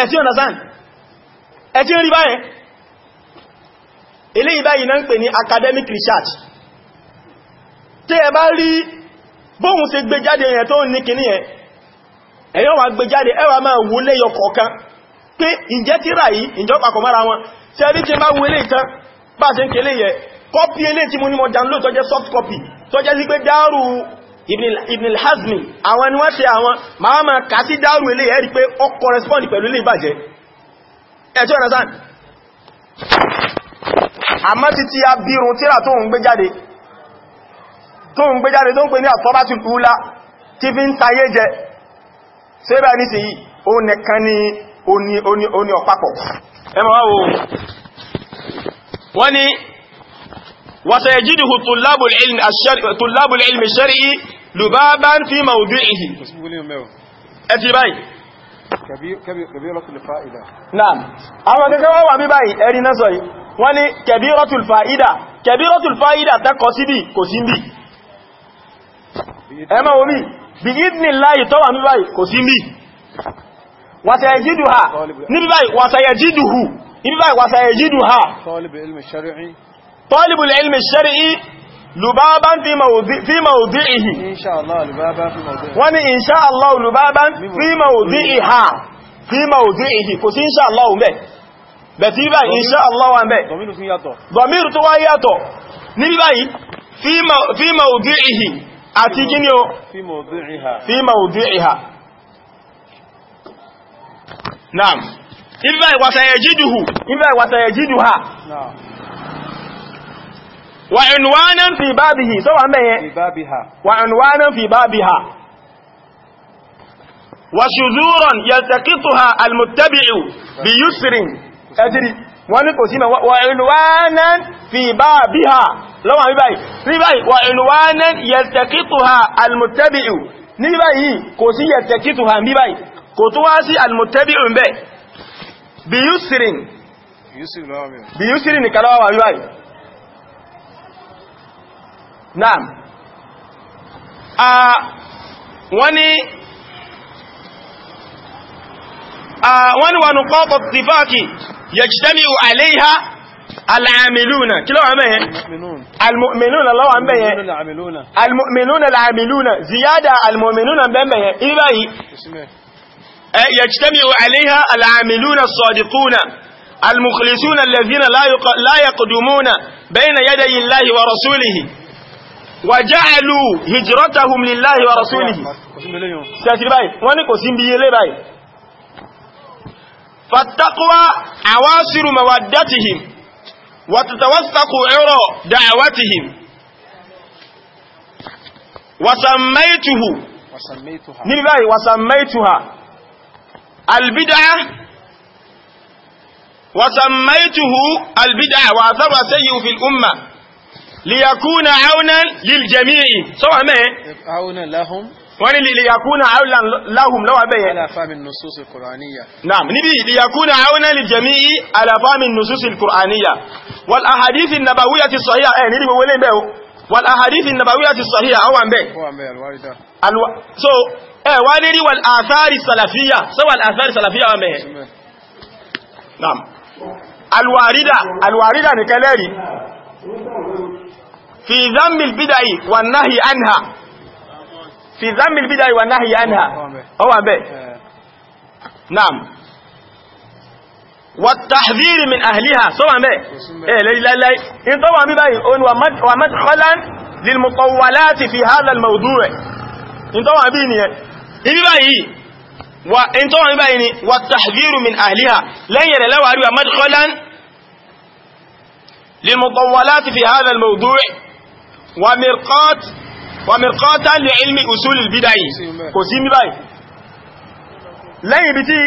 ẹ̀ tí ọ̀nà sáà ẹ̀ tí ó náà ń pè ní academic research tí ẹ bá rí bóhun ṣe gbé jáde yẹn tó ní kìíní yẹn ẹ̀yọ́ wà gbé jáde ẹwà máa wó léyọ kọ̀ọ̀kan pé ìjẹ́ tíra yìí ìjọ papọ̀ mára wọn tí ẹbí tí bá wó ilé ìtàn bá ṣe ń kèlé yẹ kọ́pí ilé tí mo ní mo download tó jẹ́ soft copy tó jẹ́ sí pé dáàrù Ibn al-Hazmi àwọn ni wọ́n ṣe àwọn máa máa kà sí dáàrù ilé ẹ̀rí pé ó correspond pẹ̀lú ilé tó ń gbé jáde tó ń pè ní àtọ́bá ti kúúlá tí fi ń tayé jẹ ṣe bá ní sí yìí ó nẹ̀kan ní oní ọ̀pápọ̀ ẹmọ wá wo wọ́n ni wasayajiduhu tullabul ilmi ash-shar'i tullabul ilmi ash fi mawdu'ihi ẹ̀tì bí báyìí, ẹ̀rí náà sọ yìí, wọ́n ni kẹbírọ́tùl fa'ida, kẹbírọ́tùl kò sí bí ẹmọ orí bí ìdínì láyì tọ́wà ní báyìí kò sí ní wàsàyẹ̀ jídù ha níbi báyìí wàsàyẹ̀ jídù hù níbi báyìí wàsàyẹ̀ jídù ha tọ́lìbù ilmi shari'i lubaban fi mawdi'ihi wọ́n ni inṣá Allah lubaban fi mawdi'iha fi mawdi'ihi kò sí inṣá Allah mẹ́ bẹ̀tí báyìí inṣá Allah wà mẹ́ dọ̀míru tó wá yàtọ̀ níbi báyìí fi mawdi'ihi àti gíní o fi mawdu'iha naam ibá ìwàsàyẹ̀jídùhù ibá ìwàsàyẹ̀jídùhà wa unwanan fi babihi tó wà mẹ́yẹn wa unwanan fi babiha wa shuzuran yaltaqituha almuttabi'u bi yusrin ajri wọ́n ní kò sí wa ìlúwánán fi bá bí ha lọ́wọ́ bí báyìí rí báyìí wa ìlúwánán yẹ̀tẹ̀kítù ha almutabi'u ní báyìí kò sí yẹ̀tẹ̀kítù ha bí kò tó wá sí almutabi'u ń bẹ́ bí yúsirin wọ́n ní wọ́n ní wọ́n ní يجتمع عليها العاملون كلو عمي المؤمنون الله عمي المؤمنون العاملون زيادة المؤمنون عمي إيه يجتمع عليها العاملون الصادقون المخلصون الذين لا لا يقدمون بين يدي الله ورسوله وجعلوا هجرتهم لله ورسوله سيأتي باي وانكو سيمبيلي باي فالتقوى عواصر مودتهم وتتوثق عرى دعوتهم وسميته وسميتها وسميتها البدعة وسميته البدعة وأثر سيء في الأمة ليكون عونا للجميع سواء ما عونا لهم wọ́n ní lìyàkúnà àúlàn láhùn lọ́wọ́ bẹ́yẹ. aláfàmìn nùsùsù kùránìyà. naam níbi lìyàkúnà àúlàn lè jẹ̀mí aláfàmìn nùsùsù kùránìyà wal ahadithi nabawiyya ti sahiha ẹ̀ nílùú wọlé bẹ́ o wal ahadithi nabawiyya ti sahiha àwọn bẹ́ so ẹ wá lè rí wal athari salafiyya so wal athari salafiyya wọn bẹ́ẹ̀ naam alwarida alwarida nìkan lẹ́rìí fi zambil bidai wa nahi anha في ذم البدع والنهي عنها هو به نعم والتحذير من اهلها سواء به إيه، لا لا لا ان طبعا بي ان ومدخلا للمطولات في هذا الموضوع ان طبعا بي بي إيه؟ وان طبعا بي إيه؟ والتحذير من اهلها لن يرى لو اريد مدخلا للمطولات في هذا الموضوع ومرقات wà mẹ́kọ́ta lè ilmi usulil bidayi kò sí bíbáyì lẹ́yìn ibi tí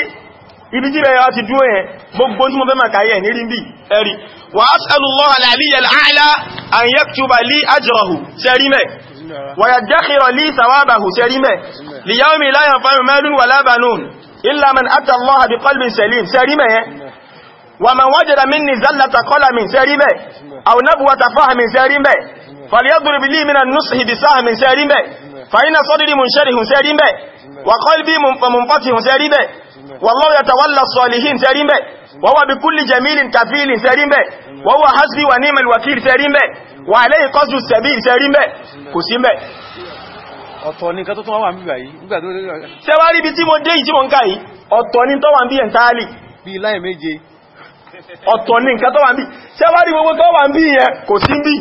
ibi tí bẹ̀rẹ̀ ti dúró yẹn gbogbo tí mo fẹ́ màkàyẹ̀ ní rí bí ẹ̀rí wà as'alullaha al-aliyya al-a'la an yaktuba li ajrahu sẹ́rímẹ̀ wà yaddakhira li ومن وجد مني زلة قلم سيرين به أو نبوة فهم سيرين به فليضرب لي من النصح بسهم سيرين به فإن صدري منشره سيرين به وقلبي منفتح سيرين به والله يتولى الصالحين سيرين به وهو بكل جميل كفيل سيرين به وهو حسبي ونعم الوكيل سيرين به وعليه قصد السبيل سيرين به كسين به ọ̀tọ̀ ní nǹkan tó tún wà ń bíbà yìí nígbàtí ó lè rẹ̀ ṣẹ́wárí bí tí mo dé ìjí mo ń ká yìí ọ̀tọ̀ ní tọ́wà ń bí ẹ̀ntálì bí láì méje ọ̀tọ̀ ní nǹkan tó wà ń bí ṣẹ́wárí gbogbo tó wà ń bí yẹn kò sí bí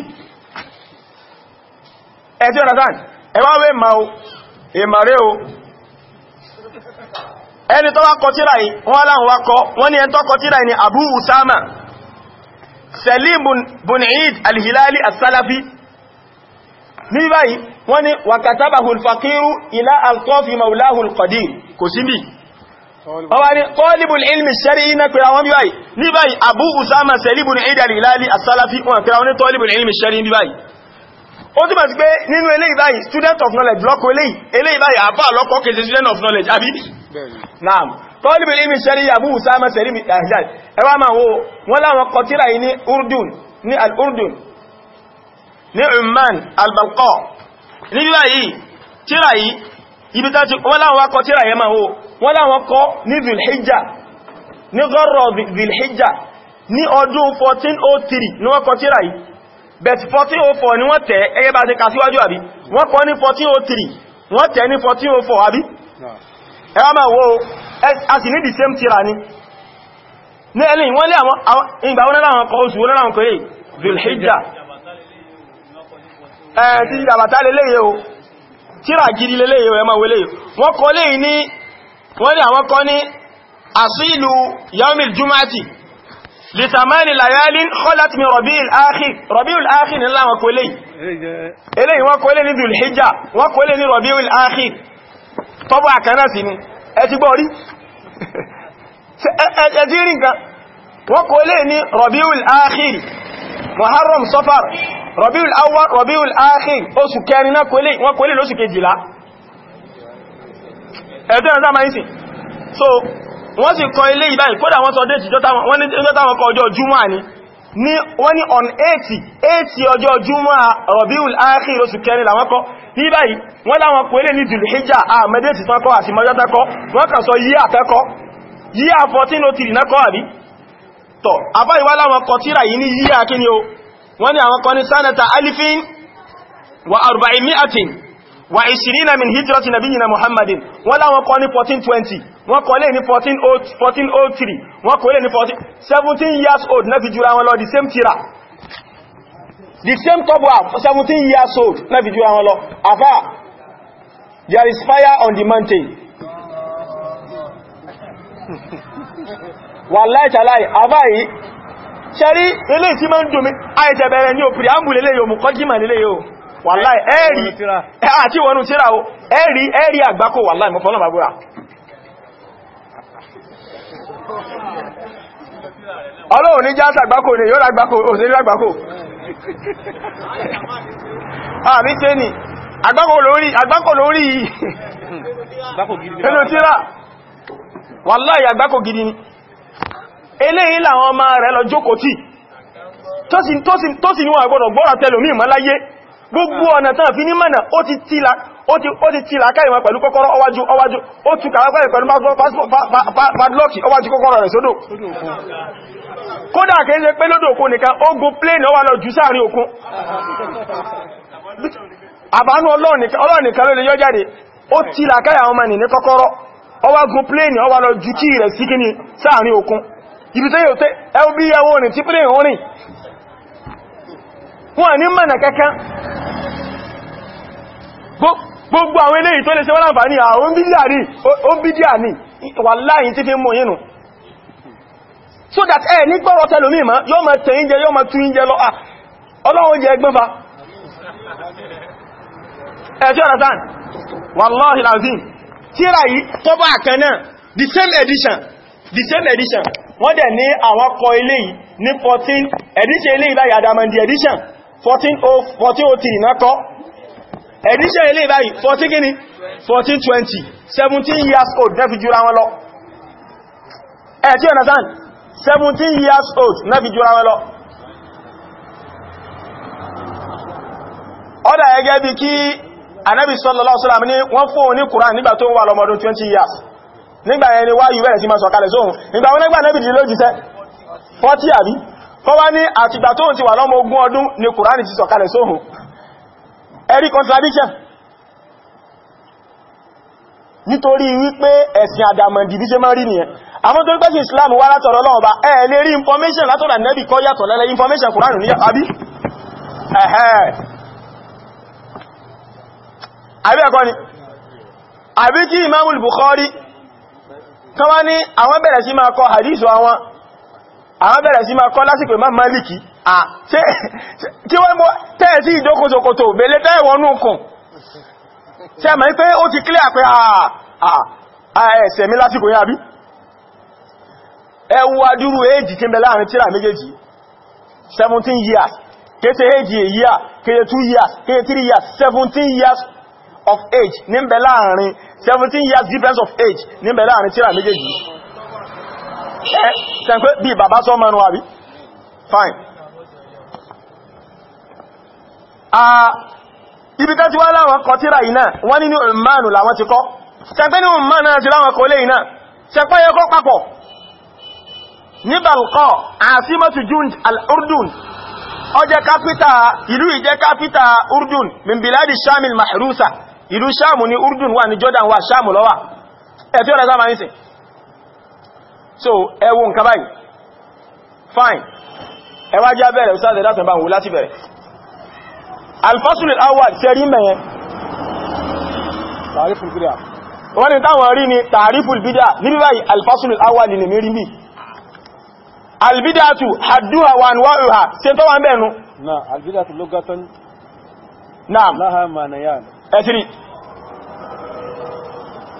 ẹ̀tí ọ̀nàtàn ẹwàwé ma o ìmàrẹ́ o ẹni tó wá kọ tíra yìí wọ́n aláhùn wá kọ wọ́n ni ẹni tó kọ yìí ni Abu Usama Salim bin Eid al-Hilali as-Salafi ní báyìí wọ́n ni wa katabahu al-faqiru ila alqafi maulahu al-qadim kò sí bí ọwá ní tọ́lìbùl ilmi ṣari iná pẹ̀lú àwọn bíbáyì ní báyìí abu usama salibu ní ìdàrí ìlàlì asálàfí wọn pẹ̀lú àwọn ní tọ́lìbùl ilmi ṣari ní báyìí ó túnbà sí pé nínú eléyìí báyìí student of knowledge lọ́kọ̀ eléyìí báyìí àfà lọ́kọ̀ kèsè student of knowledge àbí naam tọ́lìbùl ilmi ṣari abu usama salibu eh, ahijaj ẹwà máa wo wọ́n láwọn kọtíra yìí ní urdun ní al-urdun ní umman al-balqa ní báyìí tíra yìí ibi tá wọ́n láwọn akọ tíra yẹn máa wo wọ́n láwọn kọ́ ní vilhijjá ní gọ́rọ̀ vilhijjá ní ọdún 1403 ní wọ́n kọ tírà yìí bet 1404 ni wọ́n tẹ̀ ẹgbẹ́ bá ti kà síwájú àbí wọ́n kọ ní 1403 wọ́n tẹ̀ ní 1404 àbí ẹwà máa wo a sì ní the same tírà ni ní ẹlẹ́yìn wọ́n lé wọn kọ oṣù ní wọ́n ní àwọn kọ́ ní asílù yaumil jumati lè tàmánì layalin khalat min rabi'il akhir rabi'il akhir ní láwọn kò lè eléyìn wọ́n kò lè ní dùlhijjá wọ́n kò lè ní rabi'il akhir tọ́bọ̀ àkànná sí ni ẹ ti gbọ́ rí ẹ ti rí nǹkan wọ́n kò lè ní rabi'il akhir muharram ẹ̀tọ́ ẹ̀sá máa ń sìn so wọ́n sì kan ilé ìbáyìí kódà wọ́n sọ déètì wọ́n ní ìjọtàwọn kọ ọjọ́ júmọ́ ní ní wọ́n ní on 80 80 ọjọ́ júmọ́ Rabiul Akhir oṣù kẹrin làwọn kọ ní báyìí wọ́n láwọn pèlè ní Dhul-Hijjah àmẹ́dẹ́sì tán kọ́ àti mọ́játákọ́ wọ́n kà sọ yíà tẹ́kọ́ yíà 1403 nákọ́ àbí tọ̀ àbáyíwá láwọn kọ tíra yìí ní yíà kí ni o wọ́n ní àwọn kọ ní sanata alifin wà ìṣìrínà min hijrati na muhammadin wọ́n láwọn kọ́ ní 1420 wọ́n kọ́ lè ní 1403 wọ́n kọ́ lè ní 17 years old na fi jura wọn lọ the same tira the same tọ́bọ̀ 17 years old na fi jura wọn lọ afá there is fire on the mountain wallahi tàláì afá yìí ṣẹ́rí ilé ìsí mọ́ ń dùn mí àìtẹ̀bẹ̀rẹ̀ ní òpìrì àmbùlélé yóò mú kọjímà wàláì ẹ̀rí àti wọnú tíra o ẹ̀rí ẹ̀rí àgbákò wàláì mọ́fọ́nà bàbúrà ọlọ́run ní já sàgbákò ní yóò rágbákò òsèrí rágbákò àmì tẹ́ ni àgbákò lórí lórí ẹnu tíra wàláì àgbákò gidi ni eléyìí làwọn ọmọ rẹ̀ lọ jókòó tí tó sì ní wọn àgbọ́dọ̀ ìmọ́láyé gbogbo ọ̀nà tán fi ní mọ̀nà ó ti tíla káìmọ̀ pẹ̀lú kọ́kọ́rọ́ ọwájú ọwájú ó túnkà lápẹ́ pẹ̀lú padlock ọwájú kọ́kọ́rọ́ rẹ̀ sódò kódà kìí ṣe pé lódò òkun nìkan ó gùn plane ọwà lọ jù sáàrin òkun àbánú ọlọ́ọ̀nìkan ó wọn ní mẹ́nà kankan gbogbo àwọn eléyìí tó lè ṣe wọ́n láǹfààní àwọn bídíà ní wàláhì tí fi mọ̀ yínú so that ẹ ní gbọ́rọ̀ tẹlòmí ma yóò ma tẹ̀yìn jẹ yóò ma tún jẹ lọ ọlọ́run jẹ ẹgbẹ́ fa ẹ̀tí ọ̀nà tán wàláhì láàzín tíra yìí the same edition the same edition wọ́n dẹ̀ ní àwọn kọ eléyìí ní 14 edition eléyìí báyìí adamandi edition 1403 nákọ́ edition ilé báyìí 14 gini 1420 17 years old náà fi jura wọn lọ ẹ̀ tí ọ̀nà sáàn 17 years old náà fi jura wọn lọ ọ́dà ẹgẹ́ bí kí anábi sallallahu alaihi ní wọ́n fóun ní Kùránì nígbà tó wà lọ́mọdún 20 years nígbà ẹni wáyú ẹ̀rẹ̀ sí máa sọ̀kalẹ̀ sóhun nígbà wọn nígbà anábi jì lójíṣẹ́ 40 àbí kọ́ wá ní àtìgbà tó ti wà lọ́mọ ogún ọdún ni kùránì ti sọ̀kalẹ̀ sóhun ẹ̀rí contradiction nítorí wípé ẹ̀sìn àdàmọ̀dì bí ṣe máa rí nìyẹn àwọn tó ń pẹ́sì Islam wá látọ̀rọ̀ Ọlọ́run bá ẹ̀ lè rí information látọ̀dà nẹ́bì kọ́ yàtọ̀ lẹ́lẹ́ information kùránì ní àbí ẹ̀hẹ́ àbí ẹ̀kọ́ ni àbí kí Imamul Bukhari kọ́wá ní àwọn bẹ̀rẹ̀ sí àwọn bẹ̀rẹ̀ sí máa kọ́ lásìkò Imam Maliki à kí wọ́n mọ́ tẹ́ẹ̀ sí ìjókòsòkòtò belé tẹ́ẹ̀wọ̀nú kùn tí a mọ̀ pé ó ti clear pé ẹ̀ẹ̀sẹ̀ mi lásìkò yá bí 17 years kéèsè years of age ní years difference of age ní ń bẹ tíra méjèèjì ẹ́ eh, bí bàbá sọ mọ́nu àbí fine ibi tẹ́ ti wá láwọn kọ tíra iná wọ́n nínú ìmánu làwọn ti kọ́ tẹ́ǹpẹ́ ní ìmánu àti láwọn kọ lé iná tẹ́ǹpẹ́ yẹ kọ́ papọ̀ ní balkọ́ àsímọ́tù jund al-urdun ọjẹ́ kápítà ìlú ìjẹ́ kápítà urdun min shamil mahrusa ìlú shamu ni urdun wà ní jordan wà shamu lọ́wà ẹ̀fẹ́ ọ̀rẹ́ sáà máa ń sìn so ẹwọ nǹkan báyìí fine ẹwà jẹ́ bẹ̀rẹ̀ ustaz ẹ̀dàtàn bá wù láti bẹ̀rẹ̀ alfasulil awwal sẹ́rí mẹ́yẹn tàrífù bídà wọ́n ni táwọn rí ni tàrífù bídà níbi báyìí alfasulil awwal ni mi rí mi albidatu hadduha wa anwa'uha se to wa nbenu na albidatu lugatan na'am laha manayan esiri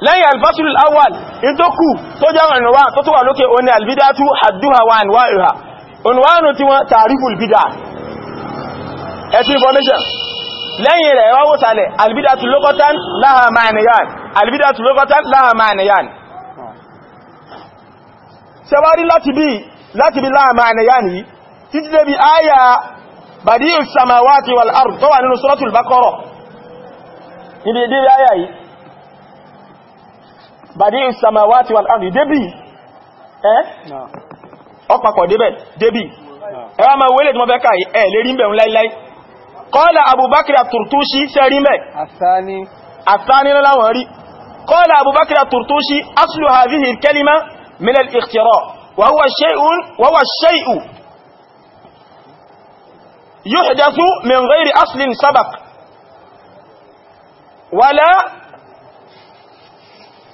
lẹ́yìn alfasul awal in tó kù tó jẹ́ ọ̀nàwà tó tó wà lókè oní albidatu hadduha wa anwa iha unwanu tí wọ́n tariful bida ẹ̀sí information lẹ́yìn rẹ̀ wáwó sàlẹ̀ albidatu lokatan laha ma'aniyan albidatu lokatan laha ma'aniyan sẹwárí láti bí láti bí laha ma'aniyan yìí títí dé bí áyà badi'us samawati wal ard tó wà nínú suratul baqara níbi dé yìí bàdí ìsàmàwàtí wal ardi débì ẹ́ ọpapọ̀ débẹ̀ débì ẹwà ma wẹ́lẹ̀ tí wọ́n fẹ́ káyí ẹ̀ lérí ń bẹ̀rún láíláí kọ́lá abubakir àtùrtúṣí sẹ́rí mẹ́ àtàní láwọn rí kọ́lá abubakir àtùrtúṣí aslu hadhihi kalima min al-ikhtira wa huwa shay'un wa huwa shay'u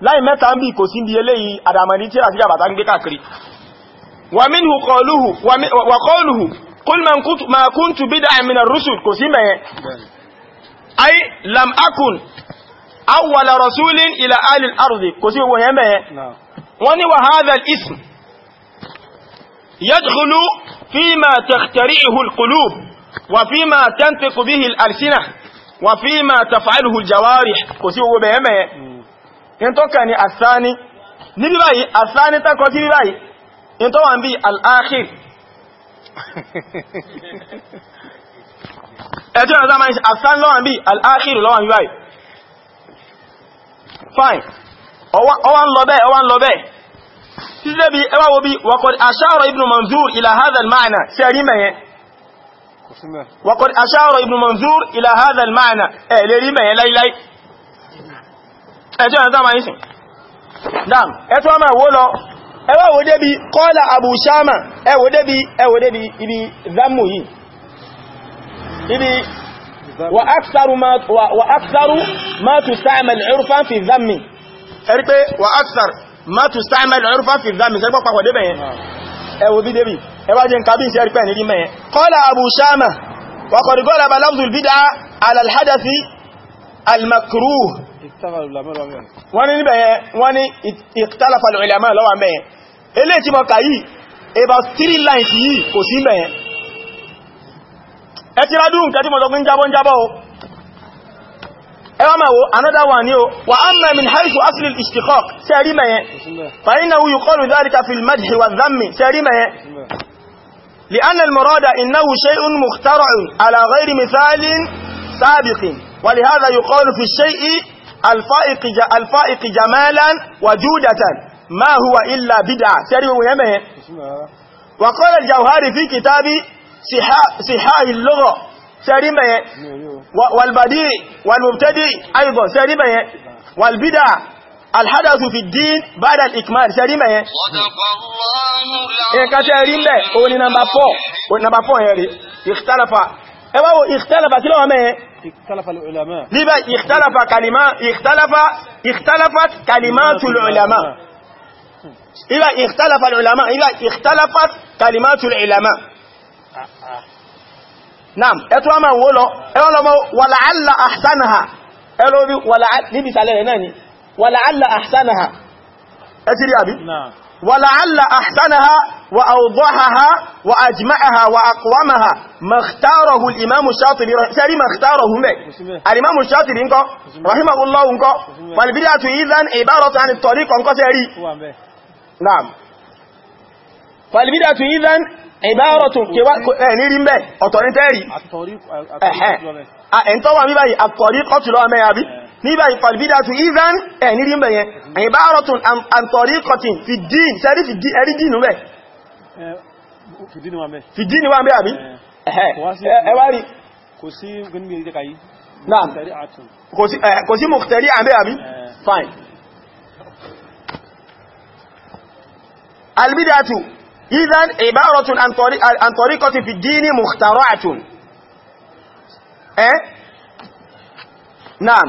láì mẹ́ta ń bí kò sí bí eléyìí àdàmàdí tí àti àbàtà ń gbé káàkiri wa minhu qawluhu wa qawluhu qul ma kuntu bid'an min ar-rusul kò sí mẹ́yẹn ayi lam'akun akun awwala rasulin ila alil arzi kò sí owó yẹn mẹ́yẹn wọ́n ni wa hadha al-ism yadkhulu fima takhtari'uhu al-qulub wa fima tantiqu bihi al-alsinah wa fima taf'aluhu al-jawarih kò sí gbogbo yẹn mẹ́yẹn in tó kà ní àsáni ní bí báyìí àsáni tákọ sí bí báyìí in tó wà ń bí al'akhir ẹjọ́ ọ̀dá máa ń ṣe àsáni lọ́wà ń bí al'akhir lọ́wà ń bí báyìí fine ọwá ń lọ bẹ́ẹ̀ ọwá ń lọ bẹ́ẹ̀ títẹ́ bí ẹwà wo bí waqad ashara ibn manzur ila hadha al-ma'na sẹ́rí mẹ́yẹn waqad ashara ibn manzur ila hadha al ẹ̀ lérí mẹ́yẹn láíláí ẹjọ́ ẹ̀ntá ma yìí sìn dam ẹtọ́ ọmọ ẹ̀wọ́ lọ ẹwà wò débi kọ́lá Abu Shama ẹwò débi ẹwò débi ibi zammu yìí ibi wa aksaru ma tu sa'amal urfan fi zammi ẹ̀rí pé wa aksar ma tu sa'amal urfan fi zammi sẹ́rí pọ́pàá wọ̀dé bẹ̀yẹn ẹwò bí débi ẹwà jẹ́ nkàbí sí ẹ̀rí pẹ́ nírí mẹ́yẹn kọ́lá Abu Shama wa qad galaba lafzul bid'a wọ́n ní níbẹ̀ yẹn wọ́n ní ikhtalafa al-ulama lọ́wọ́ mẹ́yẹn eléyìí tí mo kà yìí about three lines yìí kò sí mẹ́yẹn ẹ ti rádùn nǹkan tí mo tọkún jábọ́ jábọ́ o ẹ wá máa wo another one ni o wa amma min haythu asli al-ishtiqaq sẹ́rí mẹ́yẹn fa innahu yuqalu dhalika fi al-madh wa dhammi sẹ́rí mẹ́yẹn لأن المراد إنه شيء مخترع على غير مثال سابق ولهذا يقال في الشيء الفائق الفائق جمالا وجودة ما هو إلا بدعة سيريو يمه وقال الجوهري في كتابي كتاب صحاح اللغة سيريمه والبديع والمبتدئ أيضا سيريمه والبدعة الحدث في الدين بعد الإكمال سيريمه إن كسيريمه هو نمبر 4 نمبر فور 4 يعني. اختلف إيه، اختلف كلامه níbẹ̀ ìtàlàfà kalima ìtàlàfà ìtàlàfà kalimatul ulama ìbẹ̀ ìtàlàfà ulama ìbẹ̀ ìtàlàfà kalimatul ulama naam ẹ̀tọ́ ọmọ wo lọ ẹwọ́n lọ mọ́ wàlàálà àṣánàhà ẹlórí níbi ìsàlẹ̀ rẹ̀ náà ni wàlàálà àṣánàhà ẹ ti rí àbí? naam ولعل أحسنها وأوضحها وأجمعها وأقومها ما اختاره الإمام الشاطبي سري ما اختاره مي الإمام الشاطبي انكو رحمه الله انكو فالبدعة إذن عبارة عن الطريق انكو سري نعم فالبدعة إذن عبارة نيري مي أطريق تاري الطريق أنتوا عمي باي الطريق أطلوا مي أبي níbà ìfàlbídà tó ìzán ẹ̀ nírí ń bẹ̀yẹn àyíbá àrọ̀tún àǹtọ̀rí kọtín fi dín sẹ́rí ẹ̀rí dínú bẹ̀ fi dínú wà mẹ́ àbí ẹwárí kò sí mùkútẹ̀rí àmẹ́ àbí fine albídà tó ìzán àyíbá àrọ̀tún àǹtọ̀rí kọtín fi dín mùkútàrọ̀ àtún Naam.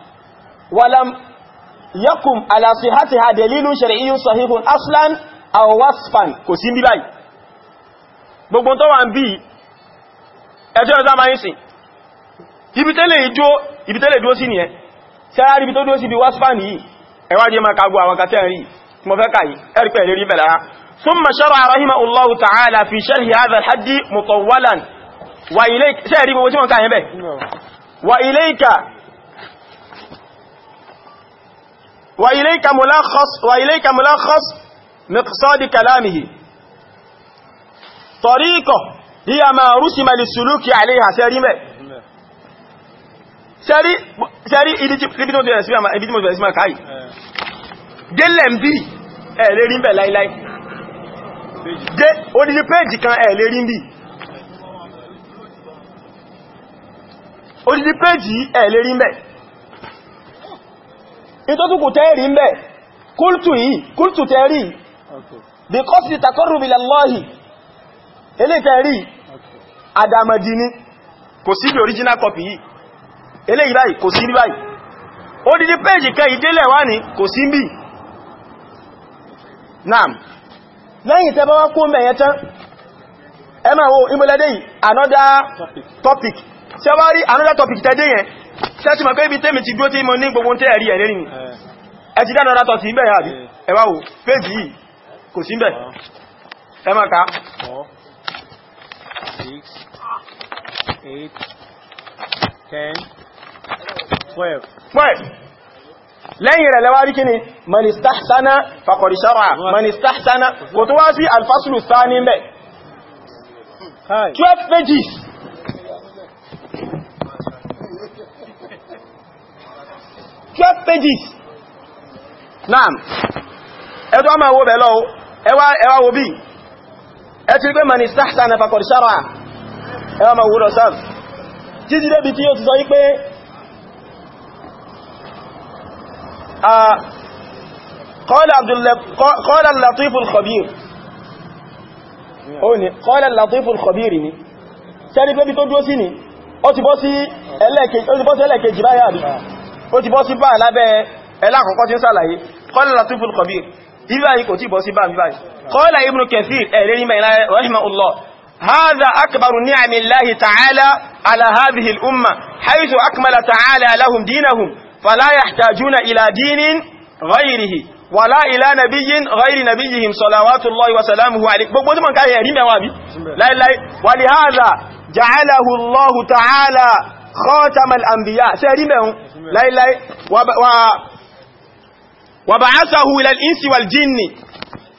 ولم يقم على صحتها دليل شرعي صحيح أصلا أو وصفا كسين بباي gbogbo tó wà ń bí ẹjọ́ ẹ̀sá máa ń sìn ibi tẹ́lẹ̀ ìjó ibi tẹ́lẹ̀ dúó sí nìyẹn sẹ́rá ibi tó dúó sí ibi waspan yìí ẹwàdí ma kagbo àwọn kàtẹ́ rí mọ̀ fẹ́ kàyí ẹ̀rìpẹ̀ lérí bẹ̀rẹ̀ rá ثم شرع رحمه الله تعالى في شرح هذا الحد مطولا وإليك سيري مو سيما كان يبه وإليك وإليك ملخص, وإليك ملخص مقصاد كلامه طريقة هي ما رسم للسلوك عليها سيري ما sẹ́rí ibi tó bẹ̀rẹ̀ sí máa káyì délẹ̀ ń bí ẹ̀ lè rí ń bẹ̀ láíláí dé odidi péjì kan ẹ̀ lè rí ń bí odidi péjì ẹ̀ lè rí ń bẹ̀ ìtọ́tùkù tẹ́ẹ̀rí ń bẹ̀ kúltù yìí kúltù tẹ́ẹ̀rí because the taqarrub ila Allahi ilé tẹ́ẹ̀rí adamadi ni kò sí bí original copy yìí ilé ìbáyìí kò sí bíbáyìí ó dídí péjì kẹ ìdílẹ̀ wá ní kò sí bí naam lẹ́yìn tẹ́ bá wá kó mẹ́yẹ tán ẹ máa wo ìmọ̀lẹ́dẹ́ yìí another topic ṣe wá rí another topic tẹ́dẹ́ sẹ́tì mọ̀ pé ibi tẹ́mì ti dúró tí mọ̀ ní gbogbo tẹ́ ẹ̀rí ẹ̀rẹ́ nìyí ẹ ti dáná ratọ̀ sí ibẹ̀ yà bí eh. ẹ wá wò péjì yìí kò sí ibẹ̀ eh. ẹ máa ka six eight ten twelve lẹ́yìn rẹ̀ lẹ́wà rí kíni manistahsana fakọ̀dìṣára manistahsana kò tó wá sí alfasulu sáà ní mẹ́ 12 pages twelve pages naam ẹ̀tọ́ ọmọ ẹwọ́ bẹ̀lọ́ ẹwà wo bí ẹ ti pé mani sáàsà na fakọ̀rì sára ẹwà ma wúrọ̀ sáà títí débi tí ó ti sọ wípé قال اللطيف الخبير ó ní قال اللطيف الخبير ni sẹ́ni pé bí tó dúó sí ni ó ti bọ́ sí ẹlẹ́kejì báyà bí ó ti bọ́ sí bá lábẹ́ ẹlákọ̀ọ́kọ́ tí ń sàlàyé kọ́lá látúfúl kọ̀bír ibáyìí kò tí bọ́ sí bá ibáyìí kọ́lá ibn kathir ẹ̀rẹ́ ní mẹ́rin rahimahullah هذا أكبر نعم الله تعالى على هذه الأمة حيث أكمل تعالى لهم دينهم فلا يحتاجون إلى دين غيره ولا إلى نبي غير نبيهم صلوات الله وسلامه عليه gbogbo tí mọ̀ káyẹ̀ rí mẹ́wàá bí láìláì ولهذا جعله الله تعالى خاتم الأنبياء سيرمهم لا لا وب... و... وبعثه إلى الإنس والجن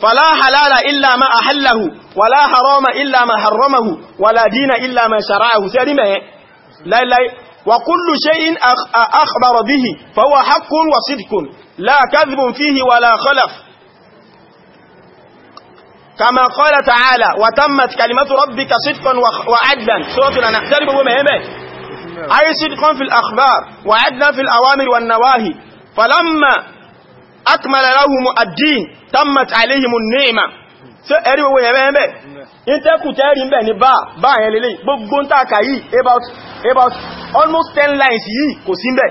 فلا حلال إلا ما أحله ولا حرام إلا ما حرمه ولا دين إلا ما شرعه سيرمهم لا لا وكل شيء أخبر به فهو حق وصدق لا كذب فيه ولا خلف كما قال تعالى وتمت كلمة ربك صدقا وعدلا سورة نحترم ومهمة أي صدق في الأخبار وعدل في الأوامر والنواهي فلما أكمل لهم الدين تمت عليهم النعمة ṣe ẹ̀rí owó yẹ̀mẹ́ ẹ̀mẹ́ in tẹ́kù tẹ́rí mẹ́ ní bá bá yẹn lè lè gbogbo ń tàkà yìí about about almost 10 lines yìí kò sí mẹ́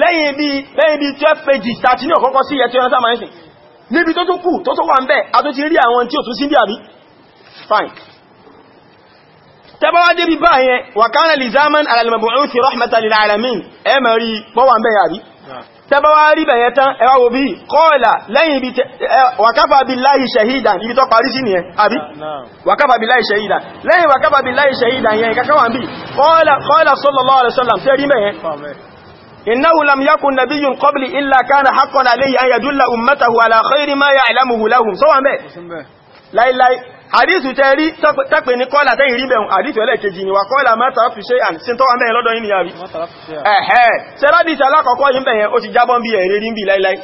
lẹ́yìn bí lẹ́yìn bí 12 pages tàti ní ọ̀kọ́kọ́ sí ẹ̀tí ọ̀nà sáà níbi tó tó kù tó tó wà ń bẹ́ àtúntí rí àwọn tí ò tún sí bí àbí fine tẹ́bá wá débi bá yẹn wà kánà lè zaman alàlùmọ̀bùnúsì rọ́hmẹ́ta lè alamin ẹ mọ̀ rí pọ́wà ń bẹ̀ yàrí tẹ́bá wá rí bẹ̀yẹ tán ẹwà wo bí kọ́ọ̀lá lẹ́yìn ibi wàkáfà bí láì ṣẹ̀hídàn ibi tó parí sí ni ẹ àbí wàkáfà bí láì ṣẹ̀hídàn lẹ́yìn wàkáfà bí láì ṣẹ̀hídàn إنه لم يكن نبي قبل إلا كان حقا عليه أن يدل أمته على خير ما يعلمه لهم سواء بي لا hadith eri tekpe ni kola teyin ribe un hadith ele keji ni wa kola ma ta fi shay an sin to wa me lodo ari eh eh se alakọkọ di sala koko yin be eriri o bi ere lai lai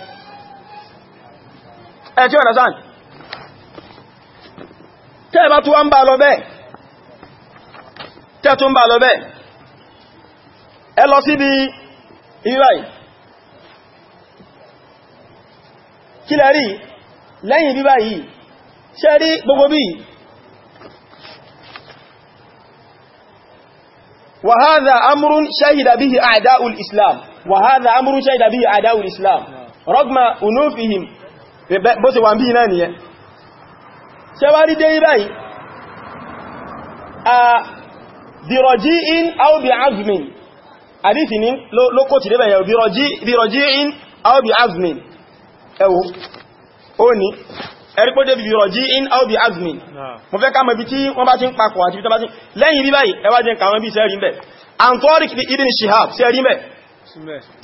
e ti understand te ba tu wa nba lo be te nba lo be e bi ibai kilari lẹ́yìn bíbá yìí ṣe rí gbogbo bí wàhádà amúrún ṣáhìdà bí i àdául islam wàhádà amúrún ṣáhìdà bí i àdául islam rọ́gbà unúfihim bó ṣe wà bí náà nìyẹn ṣe wá rí dé báyìí a dìrọ̀jí in aubi azmin àdífì ní débẹ̀ yau dìrọ̀jí in aubi azmin ẹwọ ó ní ẹ̀rípò débi bí rọ̀jí in au bí azmin mo fẹ́ ká mọ̀ bí tí wọ́n bá ti ń papọ̀ àti bí tó bá ti lẹ́yìn bí ba ẹwà ri kàwọn bí sẹ́rí mẹ́ antoric idin shihab sẹ́rí mẹ́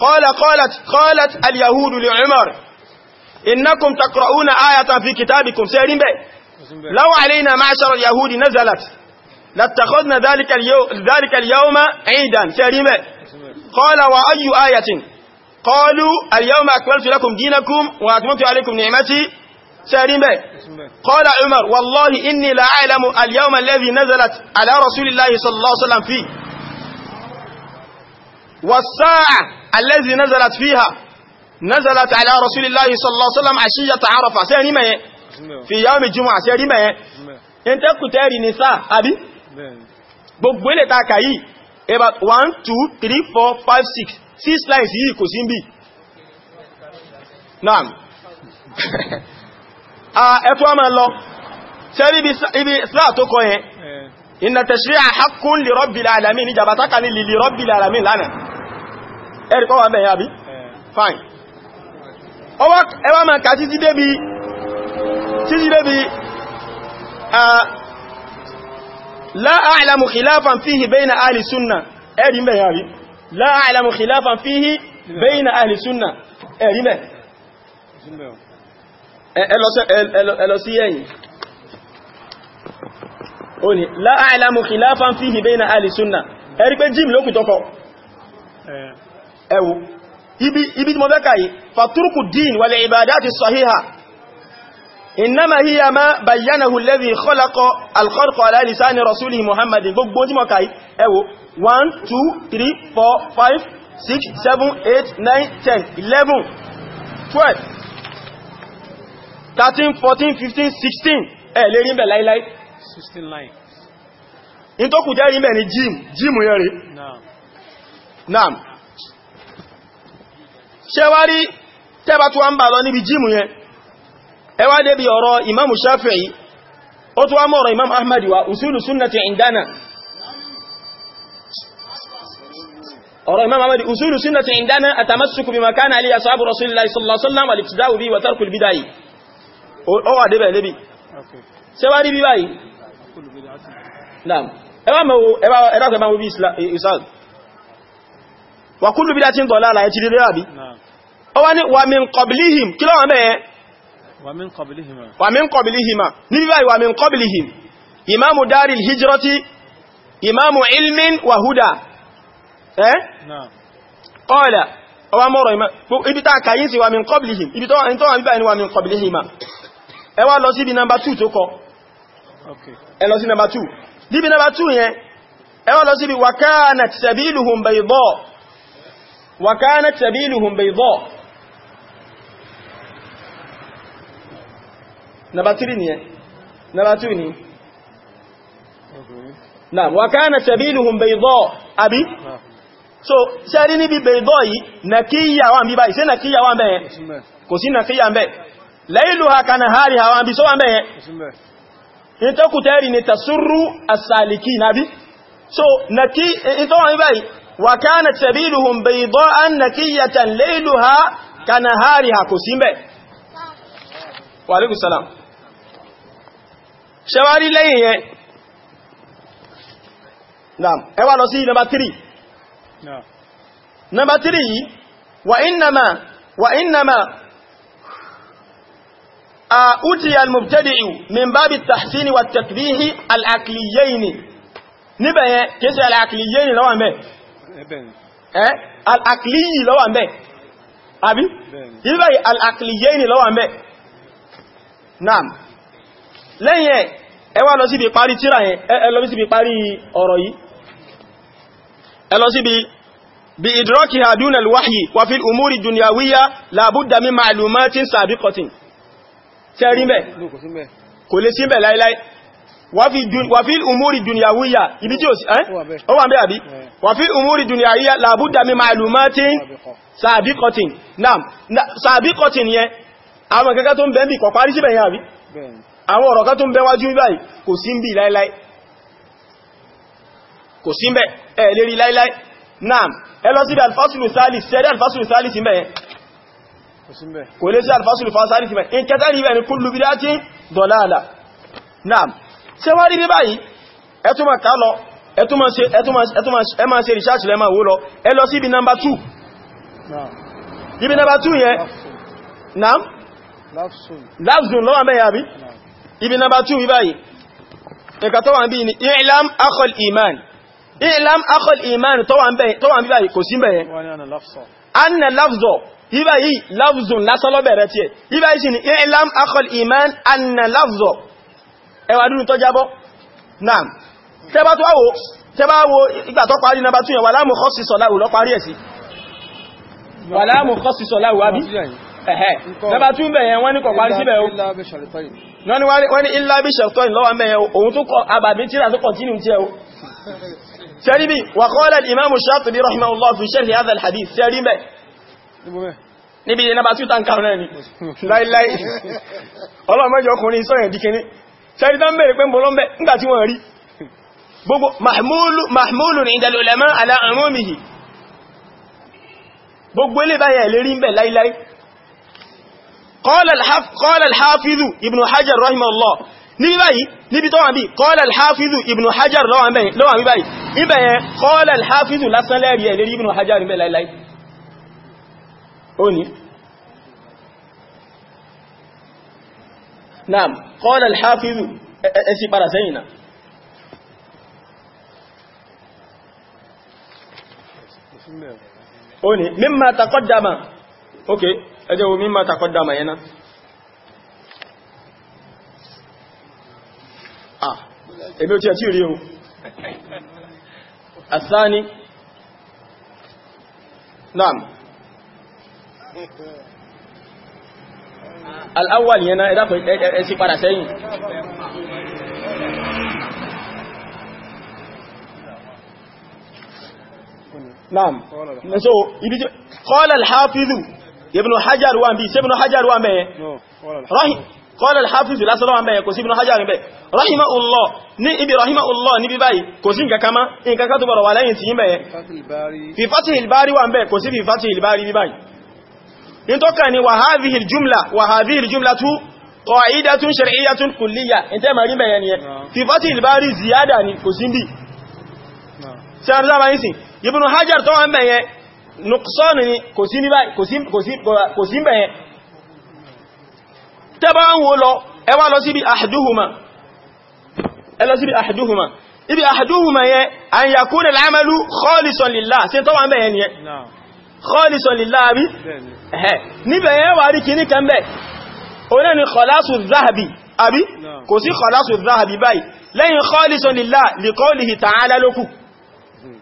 qala aliyahudu qalat al-yahudu li umar ايه قالوا اليوم اكملت لكم دينكم واتممت عليكم نعمتي sẹ́rí mẹ́ qala umar wallahi inni la a'lamu al-yawma alladhi nazalat ala rasulillahi sallallahu alaihi wasallam fi was-sa'a alladhi nazalat fiha nazalat ala rasulillahi sallallahu alaihi wasallam ashiyata arafa sẹ́rí mẹ́ fi yawmi jumu'a sẹ́rí mẹ́ in ta ku tẹ́rì ní sáà àbí gbogbo ilẹ̀ ta kàyí about 1 2 3 4 5 6 6 lines yìí kò sí bí naam Ah, ẹ̀tọ́ ọmọ lọ ṣẹ́rí ibi islam tó kọ yẹn eh. inna tashri'a haqqun li rabbil alamin ìjàbátákà ní li rabbil alamin lánàá ẹ̀rì pọ́wà bẹ̀yà bí eh. fine ẹwà máa kà títí débi títí débi ah, la khilafan fihi bayna ahli sunnah ẹ̀rì bẹ̀yà bí la khilafan fihi bayna ahli sunnah ẹ̀rì bẹ̀yà ẹlọ sí ẹ̀yìn ó ní láàìlàmù khilafan fihi bayna ahli sunnah ẹ̀rí pé jim lókù tọ́kọ ẹ̀wò ibi tí mo fẹ́ kàyí fàtúrùkù dín wal ibadati sahiha innama hiya ma bayyanahu alladhi khalaqa al-khalqa ala lisani rasulihi muhammadin gbogbo tí mo kàyí ẹ̀wò 1 2 3 4 5 6 7 8 9 10 11 12 13 14 15 16 ẹ̀ lè rí ń bẹ̀ láíláí 16 lines in tó kù jẹ́ rí ń bẹ̀ ní jim jim yẹn rí naam ṣe wá rí tẹ́bà tó wá ń bà lọ níbi jim yẹn ẹ wá débi ọ̀rọ̀ imamu shafi'i ó tó wá mọ́rọ̀ imam ahmadu wa usulu sunnati indana ọ̀rọ̀ imam ahmadi usulu sunnati indana atamassuku bi makana alayhi ashabu rasulillah sallallahu alaihi wasallam wal wa tarkul bid'ah ó wà débẹ̀ débi ṣe wá rí bí báyìí ẹ̀dàkọ̀ ẹ̀bá mú bí eh, islam wà kúlù bí láti ń gọ̀ lára ẹ̀tì dédé àbí ó wá ní wà min qablihim kí lọ́wọ́ mẹ́ẹ̀ wà min qablihima ní bí báyìí wà min qablihim imamu daril hijrati mọ́rọ̀ ibi ta kàyí sí wà min qablihim ibi tó wà ní wà min qablihima ẹ wá lọ síbi number 2 tó kọ ẹ lọ sí number 2 níbi number 2 yẹn ẹ wá lọ síbi wakanat sabiluhum bayda wakanat sabiluhum bayda number 3 nìyẹn number 2 ni na wakanat sabiluhum bayda àbí so ṣe rí níbi bayda yìí nàkíyà wà ń bí báyìí ṣe nàkíyà ń bẹ́ẹ̀ kò sí nàkíyà ń bẹ́ẹ̀ layluha kanahariha wọ́n bí só wọ́n bẹ̀yẹn in tó kù tẹ́rì ni tasurru as nabi so naki in tó wọ́n báyìí wa kanat sabiluhum bayda'an nakiyatan layluha kanahariha kò sí bẹ̀ wa alaikum salam ṣẹwárí lẹ́yìn yẹn naam ẹ wá lọ sí number 3 number 3 أوتي المبتدئ من باب التحسين والتكبيه العقليين نبه كيس العقليين لو أمبه eh al-aqliyi ló wà ńbẹ̀ àbí ibe al-aqliyin ló wà ńbẹ̀ naam lẹ́yìn ẹ wá lọ sí bí parí tírà yẹn ẹ lọ sí bí parí ọ̀rọ̀ yìí ẹ lọ sí bí bi idrakiha duna al-wahyi wa fil umuri dunyawiyya la budda min ma'lumatin sabiqatin ṣe rí mẹ́ kò lè símẹ̀ láíláí wàfí umúrí dùnìyàwóyà ibi tí ó sí ẹ́n ó wà bẹ́ àbí wàfí umúrí dùnìyàwóyà làbúdà mi ma'lumatin sàbíkọtìn náà sàbíkọtìn yẹn àwọn kẹ́kẹ́ tó ń bẹ́ bí kọ̀ parí síbẹ̀ yẹn àbí àwọn ọ̀rọ̀ kan tó ń bẹ wájú báyìí kò sí ń bí láíláí kò sí ń bẹ̀ ẹ̀ lérí láíláí náà kò lè sí alfásùlù fásáàrí ti mẹ́ in kẹta rí bẹ̀rẹ̀ kúlù bí dájí dọ̀láàlá náà ṣe wá rí rí báyìí ẹtùmọ̀ ká lọ ẹtùmọ̀ ṣe rìṣáṣì lẹ́mà wó lọ ẹ lọ sí ibi nọmbà 2 ibi nọmbà 2 yẹn náà láfzùn lọ́wọ́ mẹ́yà bí ibi nọmbà 2 yí báyìí ẹ̀kà tó wà ń bí ní ìlàm akọl ìmán ìlàm akọl ìmán tó wà ń bí báyìí kò sí bẹ̀yẹn anna lafzọ ibá yìí lafzun lásán lọ́bẹ̀rẹ̀ tí ẹ̀ ibá yìí sí ni ilam akọl iman anna lafzọ ẹwà dúró tó jábọ́ náà tẹbá tó wáwó tẹbá wo ìgbà tó parí nàbà túnyẹ̀ wà láàmù kọ́ sí sọ̀láwù lọ parí ẹ̀ sí wà láàmù kọ́ sí sọ̀láwù wábí ẹ̀hẹ́ tẹbá tún bẹ̀yẹn wọ́n ní kọ̀ parí síbẹ̀ o bí níbi ìyẹnàbà tí ó tàn kàrún ẹni láìláì ọlọ́mọ́jọ ọkùnrin sọ́yẹ̀ díkẹni sẹ́rí tán bèèrè pé mbọ̀lọ́mbẹ̀ nígbà tí wọ́n rí gbogbo mahmúlù ní ìdàlẹ̀ ulama ala umumihi gbogbo ilé báyẹ̀ lérí ń bẹ̀ láìláì qala al-hafizu ibn hajar rahimahullah níbi báyìí níbi tó wà bí qala al-hafizu ibn hajar lọ́wà bí báyìí ibẹ̀ yẹn qala al-hafizu lásán lẹ́rí ń bẹ̀ láìláì ó ní naam qala al-hafizu ẹ̀sì padà sẹ́yìn náà ó ní mimma taqaddama ok ẹjẹ́ wo mimma taqaddama yẹn náà ah ebi o ti al'awwal yẹn náà ẹ̀dàkùn ẹ̀sí padà sẹ́yìn naam so ibi tí qala al-hafizu ibn hajar wa bi ibn hajar wa mẹ́yẹn rahim qala al-hafizu lásán wa mẹ́yẹn kò sí ibn hajar mẹ́ rahimahullah ní ibi rahimahullah níbi báyìí kò sí nǹkan kama nǹkan kan tó bọ̀rọ̀ wà lẹ́yìn tí yí mẹ́yẹn fi fatihil wa mẹ́ kò sí fi fatihil bí báyìí ní tó kà ní wàhávíhìl jùmlà wàhávíhìl jùmlà tú qa'idatun shar'iyyatun kulliyya in tẹ́ marí bẹ̀yẹ ni ẹ fi fọ́tí ìlbárí ziyada ni kò sí bí ṣe a rúzába ní sí Ibn Hajar tó wọ́n bẹ̀yẹ nuqsan ni kò sí bẹ̀yẹ tẹ́bá ń wo lọ ẹwà lọ síbi ahduhuma ẹlọ síbi ahduhuma ibi ahduhuma yẹ an yakuna al bí ẹ̀hẹ́ níbẹ̀ yẹn wà rí kìíní kan bẹ̀ oní ni kọlásù záàbì àbí kò sí kọlásù záàbì báyìí lẹ́yìn kọlìsọ lílá likọ́lìhì tààlá lókù hmm.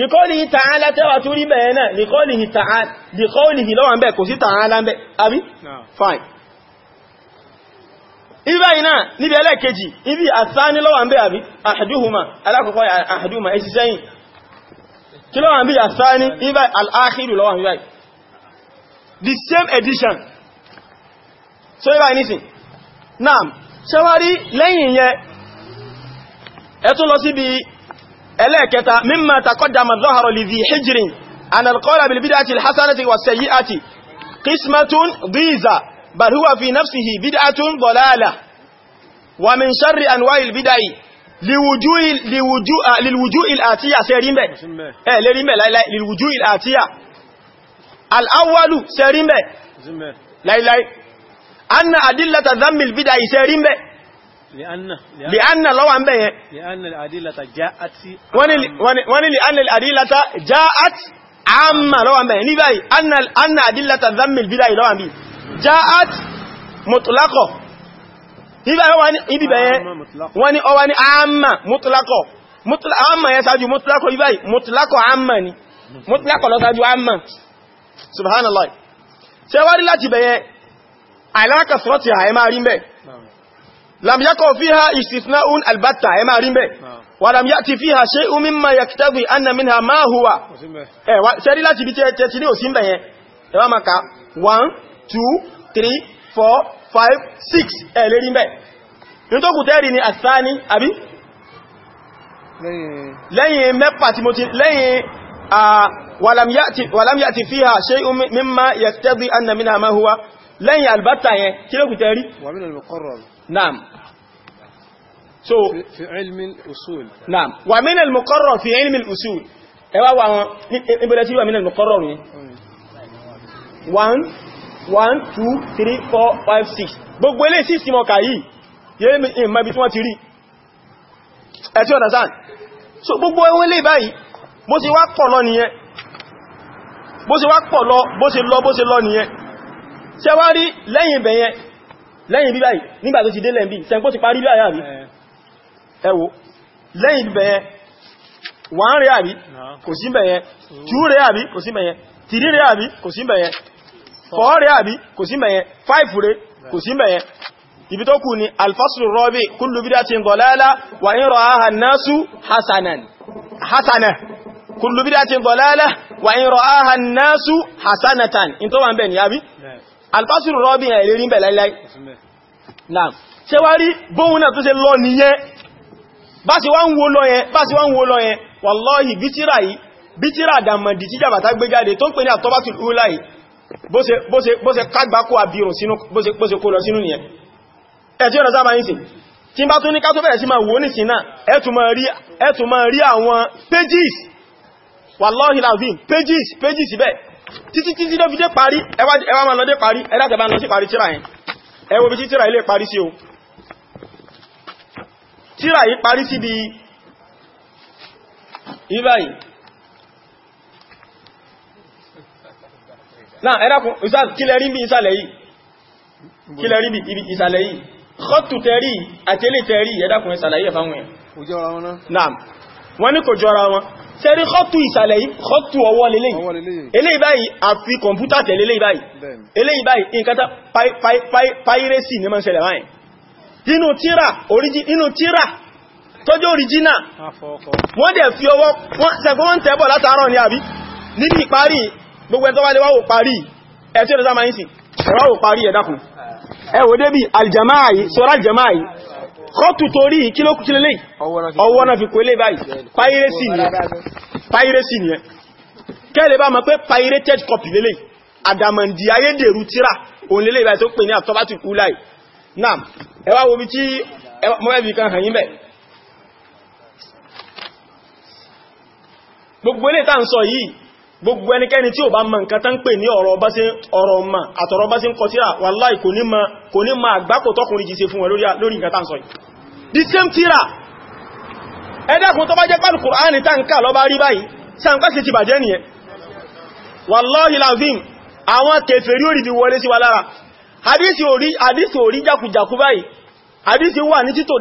likọ́lìhì tààlá tẹ́wà tó rí bẹ̀yẹn náà likọ́lìhì lọ́wọ́n bẹ̀ kò sí tààlá bẹ̀ àbí fine ibá iná níbi ẹlẹ́kejì ibi àtsáni lọ́wọ́n bẹ̀ àbí àhàdúhùmá alákọ̀ọ́kọ́ àhàdúhùmá ẹ̀ṣiṣẹ́yìn kí lọ́wọ́n bí àtsáni the same edition so you yíba anything Now, náà ṣẹwárí lẹ́yìn yẹn ẹ̀tún lọ síbi ẹlẹ́ẹ̀kẹta mímọ̀ takọ́dàmà zọ́harọ̀ lè fi hijirin an alkọ́lá bilbidati alhassanati wa sayi'ati qismatun dhiza bal huwa fi nafsihi bid'atun dalala wa min sharri anwa'il bid'ah liwujuhil liwujuhil atiya se rimbe eh le rimbe lai lai liwujuhil atiya al'awwalu sẹ́rí mẹ́ láìláì anna adillata zammil bida ìsẹ́rí mẹ́ li anna lọ́wà ń bẹ̀ yẹn wani li anna adillata ja'at amma lọ́wà ń bẹ̀ yẹn ní báyìí anna adillata zammil bida lọ́wà ń bí ja'at mutlaqo ibibẹ̀ yẹn wani ọwa ni amma mutlaqo amma yẹn sáájú mutlaqo ibáyìí mutlaqo amma ni mutlaqo lọ sáájú amma subhanallah ṣe wá rí láti bẹ̀yẹn àìláka sọ́tì ha ẹ máa rí mẹ́ lamyakọ̀ fi ha ìsìsná un albata ẹ máa rí mẹ́ wà lamya ti fi ha ṣe umi ma ya kìtàbí annamin ha máa huwa ṣe rí láti bí tẹ́ ti ní òsín bẹ̀yẹn ẹ wá maka 1 2 3 4 5 6 ẹ lè rí ni àtsáni àbí lẹ́yìn mẹ́pàá tí mo ti lẹ́yìn wàlám yàtì fíhà ṣe mímá yàtẹ́bí anna mina ma huwa lẹ́yìn albata yẹn kí ló kùtẹ́ rí naam so fi ilmi usul naam wà min al-muqarrar fi ilmi usul ẹwà wà wọn níbẹ̀rẹ̀ tí wà min al-muqarrar yẹn 1 1 2 3 gbogbo ilé sí ìsìnmọ̀ kàyí yẹ́ ìmọ̀ tí wọ́n ti rí ẹ̀ tí so gbogbo ewé báyìí bó ṣe wá pọ̀ lọ nìyẹn bó ṣe wá pọ̀ lọ bó ṣe lọ bó ṣe lọ nìyẹn ṣe wá rí lẹ́yìn bẹ̀yẹn lẹ́yìn bíbáyì nígbà tó ti dé lẹ́m̀bí sẹ́ńpó ti parí bíbáyà rí eh. ẹwò lẹ́yìn bẹ̀yẹn wọ́n rẹ̀ àbí kò sí bẹ̀yẹn tú rẹ̀ àbí kò sí bẹ̀yẹn tìrí rẹ̀ àbí kò sí bẹ̀yẹn fọ́ rẹ̀ àbí kò sí bẹ̀yẹn fáìfù rẹ̀ kò sí bẹ̀yẹn ibi tó kù ni alfaslu rọ́bì kullu bidatin dalala wa in ra'aha an-nasu kullu bid'atin dalalah wa in ra'aha an-nasu hasanatan in tó wà ń bẹ̀ ní àbí alfásùrù rọ́bìn àìlérí ń bẹ̀ láíláí náà ṣe wá rí bóhun náà tó ṣe lọ nìyẹn bá ṣe wá ń wo lọ yẹn bá ṣe wá ń wo lọ yẹn wallahi bítírà yìí bítírà dàmàdì tí jàbàtà gbé jáde tó ń pè ní àtọ́bátùl ula yìí bó ṣe kágbákó àbírùn sínú bó ṣe kó lọ sínú nìyẹn ẹ̀tí ọ̀nà sábà yìí sí tí bá tún ní ká tó bẹ̀rẹ̀ sí máa wò ní sí náà ẹ̀tù máa rí àwọn pages wallahi lazim pages pages bẹ́ẹ̀ títí títí ló fi dé parí ẹwà máa lọ dé parí ẹ̀dàtẹ̀bá lọ sí parí tíra yẹn ẹ wo bí tí tíra ilé parí sí o tíra yìí parí sí bí ibáyìí náà ẹ̀dàkùn kílẹ̀ rí bí ìsàlẹ̀ yìí kílẹ̀ rí bí ìsàlẹ̀ yìí kọ́tù tẹ́rí àtẹ́lẹ̀ tẹ́rí ẹ̀dàkùn ìsàlẹ̀ yìí fáwọn ẹ̀ wọ́n ní kò jọra wọn sẹ́rí kọ́tù ìsàlẹ̀ yìí kọ́tù ọwọ́ lélẹ̀ eléyìí báyìí àfi kọ̀mpútà tẹ̀lé eléyìí báyìí eléyìí báyìí ìkàtà pàírẹ́sì ní mọ́sẹ̀lẹ̀ báyìí inú tíra inú tíra tọ́jú òrìjínà wọ́n dẹ̀ fi ọwọ́ sẹ́kọ́ wọ́n tẹ́bọ̀ látàárọ̀ ní àbí níbi ìparí gbogbo ẹ̀tọ́ wálé wáwò parí ẹ̀tí ọ̀dọ́sá máa ń sì ẹ̀wáwò parí ẹ̀dákun ẹ̀wò débì aljamaa yìí sọ́rọ̀ aljamaa yìí kọ́tù torí kí ló kúkí lélẹ́ ọwọ́ náà fi kò lè báyìí piracy ni piracy ni ẹ kẹ́lẹ̀ bá mọ̀ pé pirated copy lélẹ́ àdàmàndì ayédèrú tíra òun lélẹ́ ìbáyìí tó pè ní àtọ́bátì kúláì náà ẹwà wo bí tí mọ́ẹ́bì kan hàn yín bẹ̀ gbogbo ilé tá ń sọ yìí gbogbo ẹnikẹ́ni tí ò bá mọ̀ nǹkan tán pè ní ọ̀rọ̀ bá sí ọ̀rọ̀ ma àtọ̀rọ̀ bá sí ń kọ tíra wàláì kò ní ma àgbákò tọ́kùnrin jí ṣe fún wọn lórí nǹkan tán sọ yìí the same tíra ẹ̀dẹ́kùn tó bá jẹ́ pàlù kùránì tán ká lọ bá rí báyìí sáǹkà sí ti bàjẹ́ nìyẹn wàláì lazim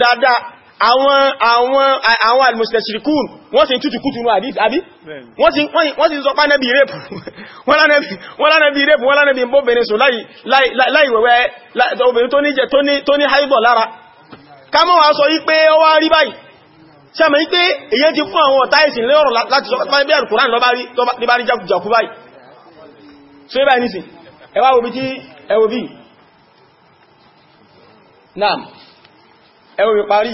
àwọn àwọn àwọn àwọn almustashirikun wọ́n ti tútù kútù ní àdís àbí wọ́n ti sọ pá nẹ́bí rẹ́pù wọ́n lánẹ́bí rẹ́pù wọ́n lánẹ́bí bóbìnrin sọ láì wẹ̀wẹ́ obìnrin tó ní jẹ tó ní haibọ̀ lára kámọ́ wá sọ wípé ó wá rí báyìí sẹ́mọ̀ wípé èyẹ ti fún àwọn ọ̀tá ìsìn lẹ́ọ̀rọ̀ láti sọ pé bí àrùkùnrán lọ bá rí jákùjákú báyìí so ibà ní sí ẹwà òbí tí ẹwà bí naam ẹwà bí parí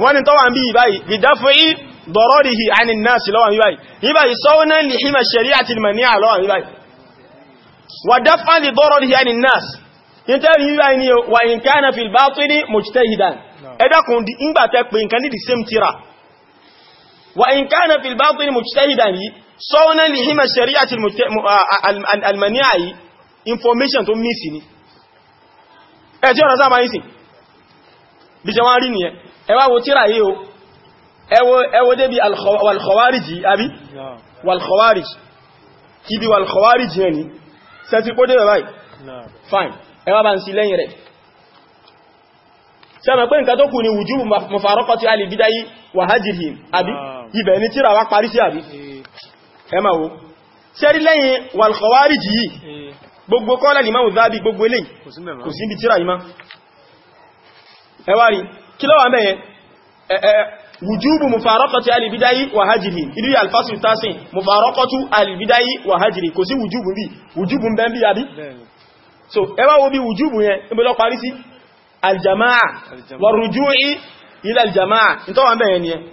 wọ́n ni tọ́wà ń bí ìbáyìí ìdáfẹ́ dọ̀rọ̀rìhì àni náàsì lọ́wà ń bíbáyìí ìbáyìí sọ́wọ́nà lè hímà ṣẹ̀rí àti ìmọ̀ní àlọ́wà ń bíbáyìí wà dáfà lè dọ̀rọ̀rìhì àni náàsì ní tẹ́rì yíwáyìí ni wà ń lè hímà ṣẹ̀rí àti information tó mí ni ẹ̀ tí ọ̀nà sáà máa bí jẹ wọ́n rí nìyẹn ẹ wá wo tíra yìí o ẹ wo débi alkhawariji abi walkhawariji ibi walkhawariji yẹn ni sẹ́tí pọ́ débẹ̀ báyìí fine ẹ wá bá ń sí lẹ́yìn rẹ̀ sẹ́mẹ̀ pé nǹkan tó kù ni wùjú mufarakati alibidayi wa hajjihim abi ibẹ̀ ni tíra wá parí sí abi ẹ ma rí kí ló wà mẹ́yẹn wujubu mufarakati alibidai wa hajiri ilu alfasu tasin mufarakatu alibidai wa hajiri kò sí wujubu bí wujubu ń bẹ bí àbí so ẹwà wo bí wujubu yẹn ibi lọ parí sí aljama'a wa rujui ila aljama'a in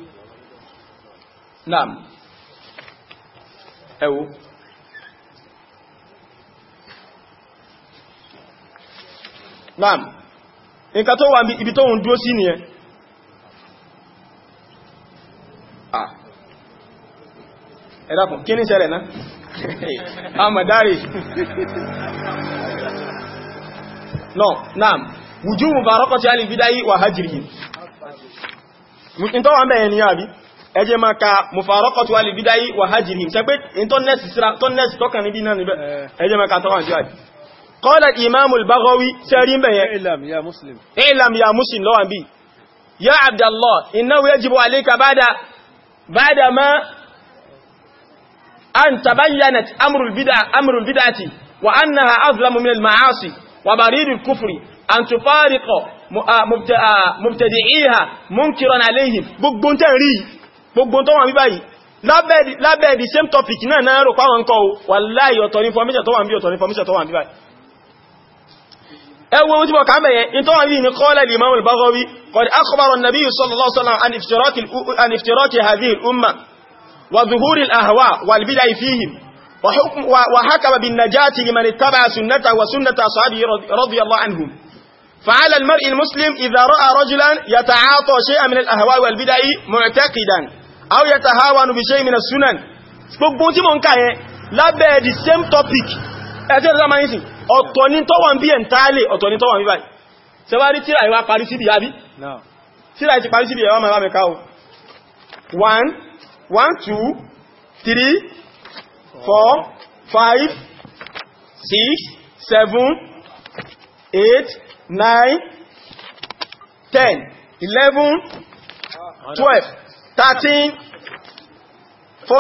naam nǹkan tó wà ibi tó ń dúró sí nìyẹn ah. ẹ dákun kí ní ṣẹlẹ̀ náà amadari no naam wujubu mubarakati al wa hajrihi nto wa nbe ni abi ẹ wa hajrihi ṣé pé nto nesi sira to nesi na ni be ma قال الإمام البغوي سارين به اعلم يا مسلم اعلم يا مسلم لو أنبي يا عبد الله إنه يجب عليك بعد بعد ما أن تبينت أمر البدعة أمر البدعة وأنها أظلم من المعاصي وبريد الكفر أن تفارق مبتدعيها منكرا عليهم gbogbo tẹ́ rí gbogbo tó wà ní báyìí lábẹ́ the same topic náà náà rò pàwọn kọ́ wà láì ọ̀tọ̀ information tó wà ní ẹwọ tí bọ̀ kàmẹ̀yẹ ìtọ́wà yìí ni kọ́lẹ̀ l'imam al-baghawi qad akhbara an-nabiy sallallahu alaihi wasallam an iftiraki hadhihi al-umma wa dhuhuri al-ahwa wal bid'ah fihim wa hakama bin najati liman ittaba'a sunnatahu wa sunnata ashabihi radiyallahu anhum فعلى المرء المسلم إذا رأى رجلا يتعاطى شيئا من الأهواء والبدع معتقدا أو يتهاون بشيء من السنن gbogbo tí mo ń káyẹ lábẹ́ the same topic ẹjẹ́ ìdámáyísìn ọ̀tọ̀ ní tó wà ń bí ẹ̀ ń tààlè ọ̀tọ̀ ní tó wà ń bí báyìí ṣe wá rí tíra ìwá parí síbi àbí tíra ìti parí síbi ẹ̀wà mẹ́wàá mẹ́ká o 1 1 2 3 4 5 6 7 8 9 10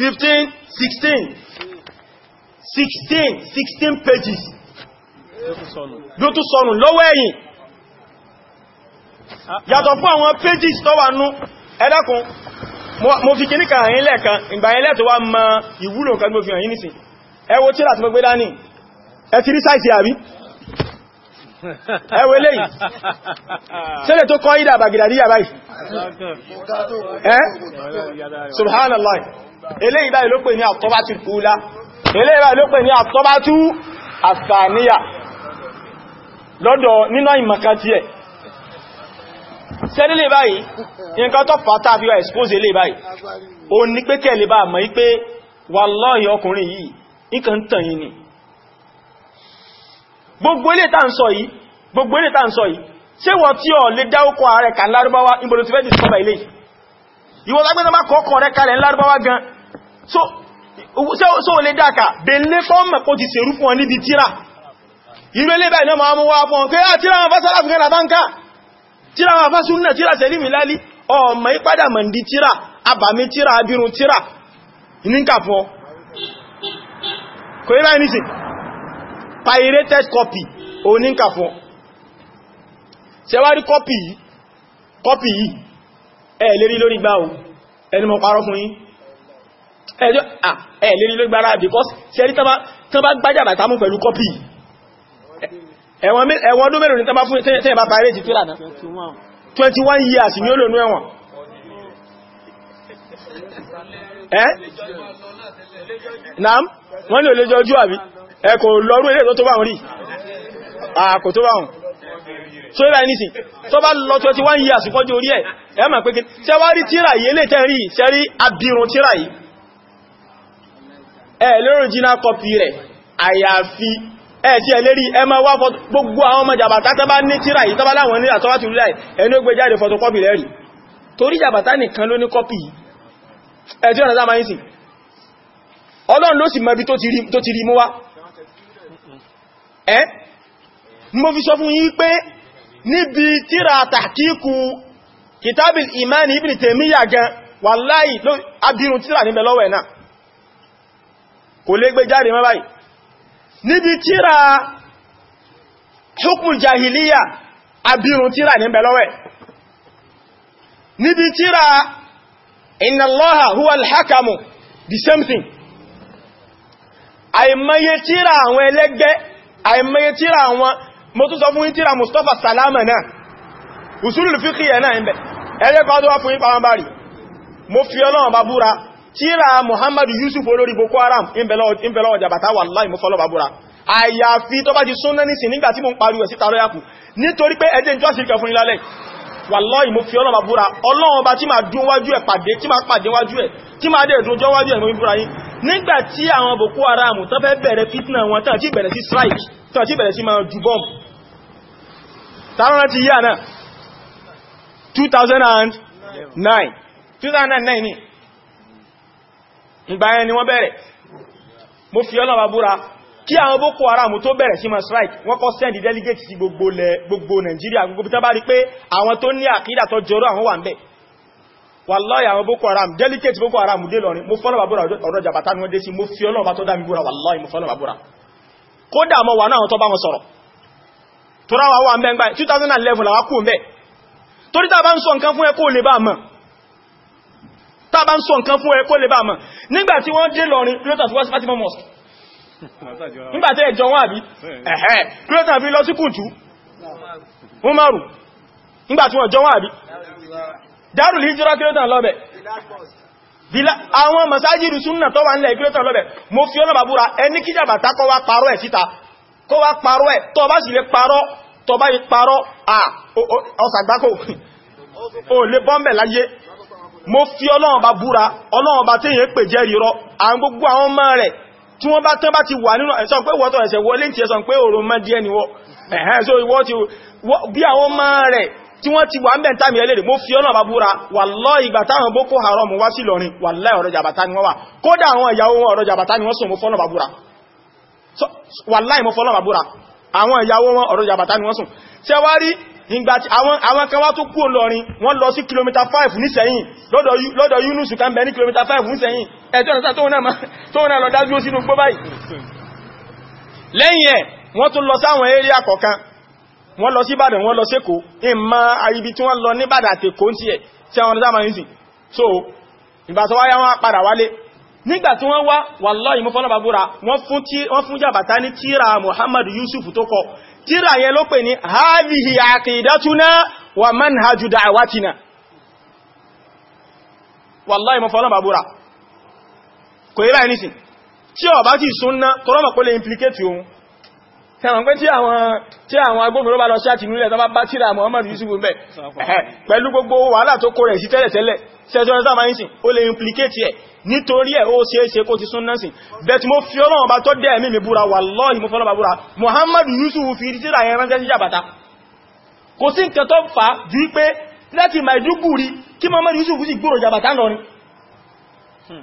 11 16 16 16 pages bí ó tún sọnù lọ́wọ́ ẹ̀yìn ah. yàtọ̀ fún àwọn pages tó wà nú ẹ dákun mo fi kìníkà àyín lẹ́ẹ̀kan ìgbà yẹn lẹ́ẹ̀tọ́ wá ma ìwúlò nǹkan mo fi hàn yín nìsìn ẹ wo tírà tí mo gbé dání ẹ ti rí sáìtì àbí ẹ wo eléyìí sẹ́lẹ̀ tó kọ́ ìdà bàgìdàdí yà báyìí ẹ́ subhanallah eléyìí báyìí ló pè ní àtọ́bá ti kúlá ilé ìrà ló pè ní àtọ́bátú àsàníyà lọ́dọ̀ nínú ìmọ̀kan tí ẹ̀ sẹ́lẹ̀ báyìí nǹkan tó fàtà fi wà expose ilé báyìí o ní pé kẹ́lẹ̀ bá mọ̀ pé wallahi ọkùnrin yìí nǹkan tàn yìí ni gbogbo ilé tàà ń sọ yìí gbogbo ilé tàà ń sọ yìí ṣé wọ́n tí ọ lè dáúkọ ààrẹ kà lárúbáwá ìbòlò dìsọ́bà ilé ìwọ̀n tágbẹ́ta so só lè dáka belé fọ́mọ̀ kó ti ṣerú fún ọ níbi tíra irú ilé bẹ̀ẹ̀ náà máa mú wá fún ọ pé á ah, tíra wọn fásálà fún ẹ̀nà tánkà tíra wọn fásún náà tíra tẹ̀lé mi lálí ọmọ ìpadà mọ̀ndí tíra abàmí tíra abirun tíra níkà fún ọ kò yí báyìí nísìn pirated copy o níkà fún ọ ṣẹwárí copy yìí copy yìí ẹ̀ lérí lórí gbá o ẹni mọ̀ parọ́ fún yín ẹjọ́ ah ẹ̀ lérí ló gbára because ṣe rí tán bá gbájà bàtà mú pẹ̀lú kọ́pì ẹ̀wọ̀n ọdún mẹ́rin tán bá fún tẹ́yẹ̀ bá parí ti tíra náà 21 years ni ó lò nú ẹ̀wọ̀n ẹ́ naam wọ́n ní olójọ́ ojú àbí ẹkùn lọ́rú ilé tó tó bá wọn rí àkò tó bá wọn so ẹ́bà nísìn tó bá lọ 21 years fọ́jú orí ẹ̀ ẹ mọ̀ pé kí ṣẹ́wárí tíra yìí lè tẹ́rí ṣẹ́rí abirun tíra yìí ẹ jíná kọpì rẹ̀ àyàfi ẹ tí ẹ gbogbo àwọn ọmọ jàbàtà tàbá ní tíra yìí láwọn nílà tọ́wà tìrúlá ẹni ó gbé jáde fọ́tọ̀kọ́pì rẹ̀ torí jàbàtà nìkan ló ní kọ́pì ẹ̀tí ọ̀nà sáma ìsìn ọlọ́run ló sì mẹ́bí tó ti rí mú wá ẹ́ mo fi sọ fún yín pé níbi tíra tàkíkù kìtàbìl ìmáni tèmíyà gan kò lè gbé jáde mọ́ báyìí níbi tíra hukmul jahiliya abirun tíra ní bẹ̀lọ́wẹ̀ níbi tíra inna allaha huwa alhakamu the same thing àìmọye tíra àwọn ẹlẹ́gbẹ́ àìmọye a àwọn mo tún sọ fún yí tíra mustapha salama náà usulul fiqh náà ẹ̀bẹ̀ ẹ̀rẹ́kọ́ ọdún wá fún yí pàwọn bá rí mo fi ọlọ́run bá tíra muhammadu yusuf olórí boko haram ìbẹ̀lọ́ ọjàbàtà wallahi ìmúfọ́lọ́bà búra àyàfi tó bá ti súnná nìsìn nígbà tí mo ń pariwo síta lọ́yàkù nítorí pé ẹjẹ́ ìjọ́ sí ìkẹfún ìlálẹ̀ wallahi ìmúfọ́lọ́bà búra ọlọ́run bá tí máa dún wájú ẹ̀ pàdé tí máa pàdé wájú ẹ̀ tí máa dẹ̀ dún jọ́wájú ẹ̀ mú ìbúra yín nígbà tí àwọn boko haram tó fẹ́ bẹ̀rẹ̀ fitna wọn tàn tí bẹ̀rẹ̀ sí strike tàn tí bẹ̀rẹ̀ sí máa ju bọ́m táwọn 2009 2009 ni ìgbà yẹn ni wọ́n bẹ̀rẹ̀ mo fi ọlọ́wà búra kí àwọn boko haram tó bẹ̀rẹ̀ sí ma strike wọ́n kọ́ send delegate sí gbogbo Nàìjíríà gbogbo bí tán bá rí pé àwọn tó ní àkídà tó jọrọ àwọn wà ń bẹ̀ wàláyé àwọn boko haram delegate boko haram dé lọrin mo fọ́lọ́wà búra ọ̀dọ̀ jàbátá ni wọ́n dé sí mo fi ọlọ́wà tó dá mi búra wàláyé mo wà náà 2011 làwákù ń bẹ́ torí tàbá ń sọ nǹkan fún tábà ń sọ nǹkan fún ẹ kó lè bá mọ̀ nígbàtí wọ́n dé lọrin kílótà fi wá sí Fatima mosque nígbàtí ẹjọ wọn àbí ẹ̀hẹ́ kílótà fi lọ sí kùntù wọ́n márùn nígbàtí wọ́n jọ wọn àbí Darul Hijra kílótà lọ́bẹ̀ àwọn masájìrì súnnà tó wà nílẹ̀ kílótà lọ́bẹ̀ mo fi ọ́nà bàbúra ẹni kíjàbà takọ́ wá parọ́ ẹ̀ síta kó wá parọ́ ẹ̀ tọ́ bá sì lè parọ́ tọ́ bá yí parọ́ à ọ̀sàgbákò ò lè bọ́m̀bẹ̀ láyé mo fi ọlọ́run bá búra ọlọ́run bá téèyàn pè jẹ́ rírọ́ àwọn gbogbo àwọn ọmọ rẹ̀ tí wọ́n bá tán bá ti wà nínú ẹ̀sọ́ pé wọ́tọ̀ ẹ̀sẹ̀ wọlé tí ẹ̀sọ́ pé òòrùn mọ́ díẹ̀ ni wọ́ ẹ̀hẹ́ so ìwọ́ ti bí àwọn ọmọ rẹ̀ tí wọ́n ti wà ń bẹ̀ tàbí ẹlẹ́rẹ̀ wallahi ìgbà táwọn Boko Haram wá wallahi ọ̀rọ̀ jàbátá ni wọ́n wà kódà àwọn ìyàwó wọn ọ̀rọ̀ jàbátá ni wallahi mo fọ́lọ́run bá búra àwọn ìyàwó wọn ọ̀rọ̀ jàbátá nígbàtí àwọn kan wá tó kú olórin wọ́n lọ sí kìlómítà 5 nísẹ̀yìn lọ́dọ̀ Yúnúsù kan bẹ̀ ní kìlómítà 5 nísẹ̀yìn ẹ̀tọ́ ìrọ̀ta tó náà lọ dájú sínú gbó báyìí lẹ́yìn ẹ̀ wọ́n tó lọ sáwọn eré àkọ̀kan wọ́n lọ sí Ìbàdàn wọ́n lọ sékò ìmá àríbi tí wọ́n lọ ní Ìbàdàn àtẹ́kọ́ tí ẹ̀ tí àwọn ọ̀dọ́ máa ń sì so ìgbàtọ̀wáyá wọ́n padà Muhammad Yusuf tó tíra yẹn ló pè ní hadhihi aqidatuna wa manhaju da'watina wallahi mo fọ́lọ́ bàbúrà kò yíra ẹni sí tí ó bá ti súnná tọ́rọmọ̀ kó lè implicate ohun sẹ́wọ̀n pé tí àwọn agbófinró bá lọ ṣáàtì nílẹ̀ tó bá bá tíra Muhammad Yusuf mẹ́ pẹ̀lú gboggbó wàhálà tó kó rẹ̀ sí tẹ́lẹ̀tẹ́lẹ̀ sẹ́jọ́ sáàmáyínsìn ó lè implicate ẹ̀ nítorí ẹ̀ ó ṣe é ṣe kó ti sún náàsìn bẹ̀tí mo fi Ọlọ́run bá tọ́ dẹ̀ mí mi búra wallahi mo fọ́lọ́bà búra Muhammad Yusuf fi tíra yẹn ránṣẹ́ sí jàbàtà kò sí nǹkan tó fà ju pé láti Maiduguri kí Muhammad Yusuf sì gbòrò jàbàtà lọ ni hmm.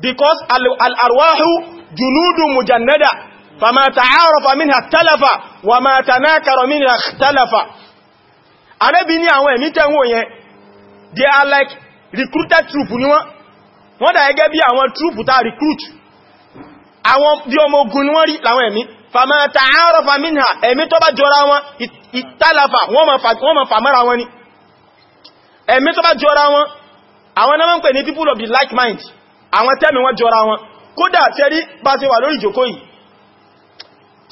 because al-arwahu junudu mujannada فما تعارف منها اختلف وما تناكر منها اختلف Ànábì ní àwọn ẹ̀mí tẹ́ ń wò yẹn they are like recruited troop ni wọ́n wọ́n dà gẹ́gẹ́ bí àwọn troop tá recruit àwọn bí ọmọ ogun ni wọ́n فما تعارف منها ẹ̀mí tó bá jọra wọn اختلف فما ma fàmọ́ra wọn ni ẹ̀mí tó bá jọra wọn àwọn náà ń pè ní people of the like mind àwọn tẹ́mi wọn jọra wọn kódà tẹ́rí bá ṣe wà lórí ìjókòó yìí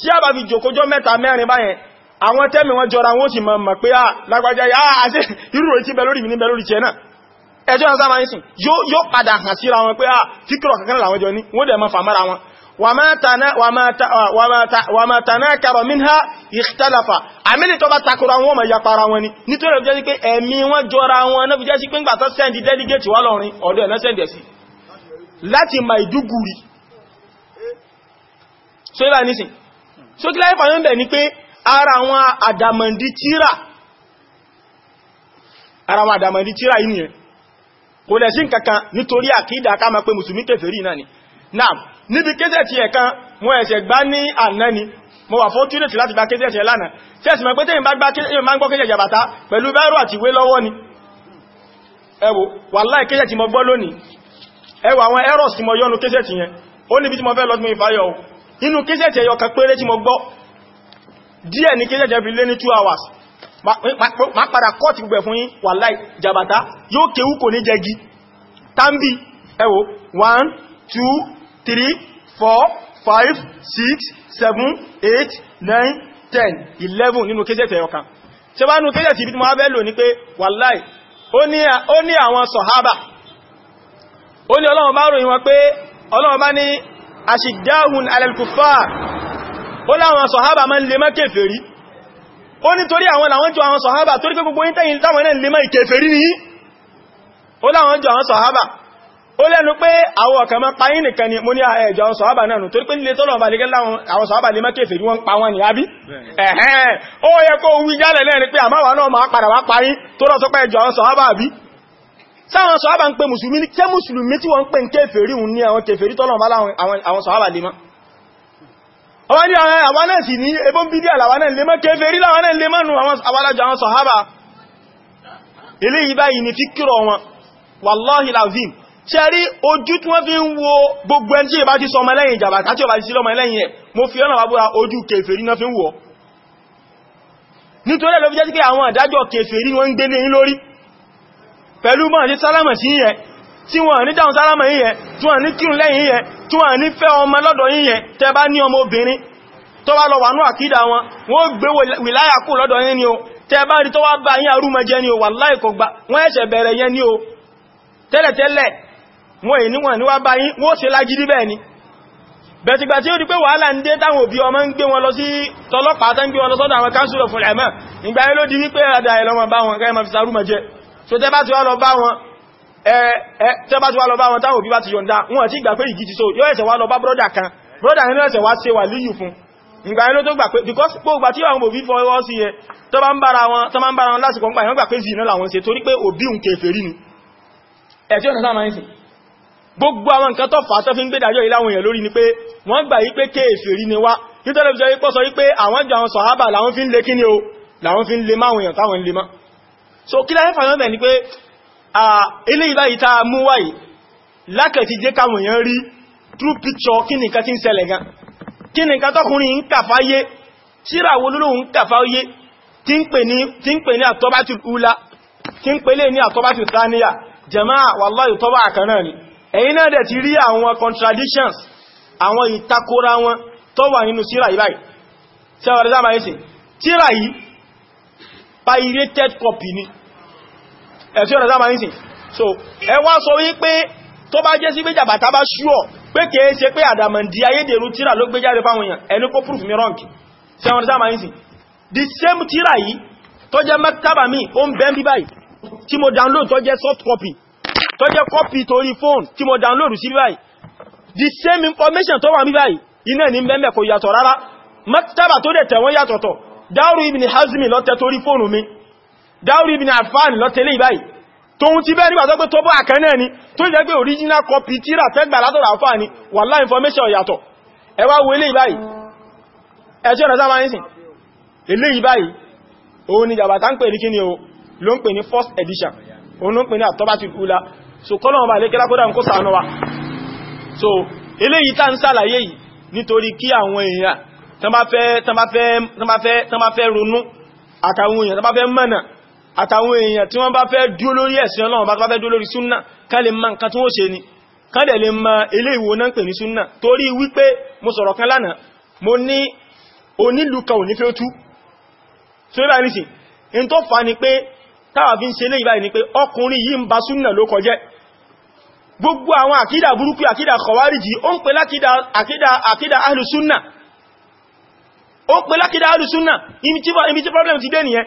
tí a bá fi jòkójọ́ mẹ́ta mẹ́rin báyẹn àwọn tẹ́mì wọn jọra wọn sì mọ̀ pé à lágbàjá yà á sí irú rẹ̀ tí bẹ lórí mi ní bẹ lórí tiẹ̀ náà ẹjọ́ náà sáà ìsìn yóò padà hàn síra wọn pé à ah, fíkìrọ̀ kankan làwọn jọ ní wọ́n dẹ̀ mọ́ fàmára wọn wà máa tàná kàrọ̀ minha ìtàlàfà àmìlì tó bá takura wọn mọ̀ yapara ni nítorí ọjọ́ sí pé ẹ̀mí wọn jọra wọn náà fi jẹ́ sí láti Maiduguri so ibà nísìn so kí láyé fàyọ́ bẹ̀ ni pé ara àwọn àdàmọ̀dí tíra ara àwọn àdàmọ̀dí tíra yìí nìyẹn kò dẹ̀ sí nǹkankan nítorí àkídà ká máa pé mùsùlùmí kèfèrí náà ni náà níbi kéṣẹ̀ ti ẹ̀kan wọ́n ẹ̀ṣẹ̀ gbá ní àná ni mo wà fún túnẹ̀tì láti gba kéṣẹ̀ ti ẹ̀ lánàá tẹ́sì mọ̀ pé tẹ́yìn bá gbọ́ kéṣẹ̀ jàbàtá ni ẹwò wàláhì kéṣẹ̀ ti mọ gbọ́ lónìí ẹwà àwọn errors ti mọ yọnu kéṣẹ̀ inú kíṣẹ́ tẹ̀ yọ kan péré tí mo gbọ́ díẹ̀ ní kíṣẹ́ fi lé ní 2 hours ma padà kọ́ọ̀tì gbogbo fún yín wàláì jàbàtá yóò kéwú kò ní jẹgi tambi ẹwò 1 2 3 4 5 6 7 8 9 10 11 nínú kíṣẹ́ tẹ̀ yọ kan ṣe bá nínú kíṣẹ́ tẹ̀ ibi tí mo wá bẹ́ẹ̀ lò ní pé wàláì ó ní àwọn sọ̀hábà ó ní ọlọ́run bá ròyìn wọn pé ọlọ́run bá ní ashiddahun alalkuffar ó láwọn sọ̀hábà ma ń lè má kèfèrí ó nítorí àwọn làwọn jọ àwọn sọ̀hábà torí pé gbogbo yíntẹ́yìn táwọn náà má ìkèfèrí ní ó láwọn jọ àwọn sọ̀hábà ó lẹ́nu pé àwọn ọ̀kàmá páyín nìkan ni mo ní ẹjọ eh, àwọn sọ̀hábà náà torí pé nílé tọ́lọ̀ balẹ̀ àwọn sọ̀hábà lè má kèfèrí wọ́n pa wọn ní àbí ẹ̀hẹ́n ó yẹ kó wí jálẹ̀ lẹ́rin pé àmáwà náà máa padà wá páyín tó lọ sọ pé ẹjọ àwọn sáwọn sọ̀hábà ń pè mùsùlùmí ní tẹ́ mùsùlùmí tí wọ́n ń pè ń kèfèrí un ní àwọn kèfèrí tọ́lọ̀mọ́ àwọn sọ̀hábà lè mọ́ ọwọ́n ní àwọn náà sì ní ebó ń bí díà láwọn náà ni fíkírọ̀ wọn wàláhì làzim ṣe rí ojú tí wọ́n fi ń wo gbogbo ẹni tí ìbá ti sọmọ lẹ́yìn ìjàbà tàbí ọba sí lọ́mọ lẹ́yìn ẹ̀ mo fi ọ̀nà wàbúra ojú kèfèrí náà fi ń nítorí ẹ̀ jẹ́ sí pé àwọn àdájọ́ kèfèrí wọ́n ń gbé lẹ́yìn lórí pẹ̀lú mọ́ sí sálámà sí yẹ tí wọ́n ní dáhùn sálámà yíyẹ tí wọ́n ní kírùn lẹ́yìn yíyẹ tí wọ́n ní fẹ́ ọmọ lọ́dọ̀ yíyẹ tẹ́ bá ní ọmọ obìnrin tó bá lọ wà ní àkídà wọn wọ́n gbé wìláyà kú lọ́dọ̀ yín o tẹ́ bá rí tó wá bá yín arúmọjẹ ni o wàláhì kò gbà wọ́n ẹ̀ṣẹ̀ bẹ̀rẹ̀ yẹn ni o tẹ́lẹ̀tẹ́lẹ̀ wọ́n èyí níwọ̀n ní wá bá yín wọ́n ṣe lágídí bẹ́ẹ̀ ni bẹ̀tìgbà tí ó di pé wàhálà ń dé táwọn òbí ọmọ ń gbé wọn lọ sí tọlọ́pàá tán gbé wọn lọ sọ́dọ̀ àwọn council of ulama so tẹ́ bá ti wá lọ bá wọn tẹ́ bá ti wá lọ bá wọn táwọn òbí bá ti yọ̀nda wọn ti gbà pé ìgì ti so because gbogbo tí àwọn òbí fọwọ́ sí yẹn tó bá ń bára wọn tó bá ń bára wọn lásìkò ni ẹ̀tí ọ̀nà sáà máa ń sìn gbogbo àwọn nǹkan tó fà á fi ń gbédàjọ́ ìláwọn èèyàn lórí ni pé wọ́n gbà yí pé kèfèrí ni wá nítorí ìjọ yí pọ́ sọ wípé àwọn jọ àwọn sọ̀hábà làwọn fi ń le kíni o làwọn fi ń le máwọn èèyàn táwọn ń máa so kí láyé fàyọ́ bẹ̀ ni pé eléyìí báyìí tá a mú wáyìí lákẹ̀ ti jẹ́ káwọn èèyàn rí true picture kí nìkan ti ń ṣẹlẹ̀ gan kí nìkan tọ́kùnrin ń kàfáyé síra wo lólò ń kàfáyé tí ń pè ní àtọ́bátù tí ń pè ní jama'a wallahi tọ́bá àkànnà ni ẹ̀yin náà dẹ̀ ti rí contradictions àwọn ìtakora wọn tó wà nínú síra ìbáyìí tí a wà rí sáàmà yìí sí síra yìí pirated copy ni ẹ̀tí ọ̀nà sáàmà nísìn so ẹ wá sọ wípé tó bá jẹ́ sí pé jàbàtà bá ṣúọ̀ pé kèé ṣe pé àdàmọ̀dì ayédèrú tíra ló gbé jáde fáwọn èèyàn ẹni kó proof mi wrong ṣe ọ̀nà sáàmà the same tíra yìí tó jẹ́ mẹ́tàbà mi ó ń bẹ́ẹ̀ bí báyìí tí mo download tó jẹ́ soft copy tó copy torí phone tí download the same information tó wà mí báyìí iná ní bẹ́ẹ̀ kò yàtọ̀ rárá mẹ́tàbà tó dẹ̀ tẹ̀wọ́n yàtọ̀tọ̀ dáúrú ibn hazmi lọ́tẹ̀ torí fóònù mi dáúrí ibi àfáàní lọ tẹ́lé ìbáyìí tó ń ti bẹ́ẹ̀ nígbà tó pé tó bọ́ àkẹ́nẹ́ ni tó jẹ́ pé original copy tíra tẹ́gbà látọ̀rọ̀ àfáàní wàlá information yàtọ̀ ẹ wá wo eléyìí báyìí ẹjọ́ ọ̀nà sáwọn ìsìn eléyìí báyìí òun ni jàbàtà ń pè ní kíni o ló ń pè ní first edition òun ló ń pè so kọ́lọ̀ ọba lékẹ́lá kódà ń kó sàánú wa so eléyìí tá ń sàlàyé yìí nítorí kí àwọn èèyàn tán bá fẹ́ ronú àtàwọn èèyàn tán àtàwọn èèyàn tí wọ́n bá fẹ́ dúó lórí ẹ̀sìn ọlọ́run bá fẹ́ dúó lórí súnnà ká lè ma nǹkan tí wọ́n ṣe ni ká dẹ̀ lè ma ilé ìwò náà pè ní súnnà torí wípé mo sọ̀rọ̀ kan lánàá mo ní onílùkà ò ní fẹ́ tú tó bá nìsìn in tó fa ni pé táwà fi ń ṣe léyìí báyìí ni pé ọkùnrin yìí ń ba súnnà ló kọjẹ́ gbogbo àwọn àkídà burúkú àkídà kọwárìjì ó ń pè lákídà àkídà ahlùsúnnà ó ń pè lákídà ahlùsúnnà ibi tí problem ti dé nìyẹn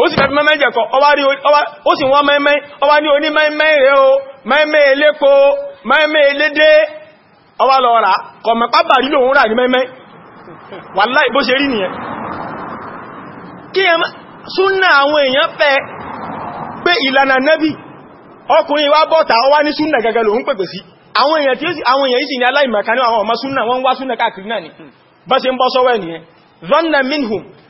o si fẹ́fẹ́ mẹ́mẹ́ jẹ̀kọ́ ó sì wọ́n mẹ́mẹ́ ọwá ní oní mẹ́mẹ́ rẹ̀ o mẹ́mẹ́ elépo mẹ́mẹ́ elédé ọwá lọ rà kọ̀mọ̀ pápá rí lòun rà ní mẹ́mẹ́ wàláhì bó ṣe rí nìyẹn kí ẹ súnà àwọn èèyàn fẹ́ pé ìlànà nẹ́bì ọkùnrin wá bọ́ta ọwá ní súnà gẹ́gẹ́ lòun pẹ̀pẹ̀ sí àwọn èèyàn yìí àwọn ni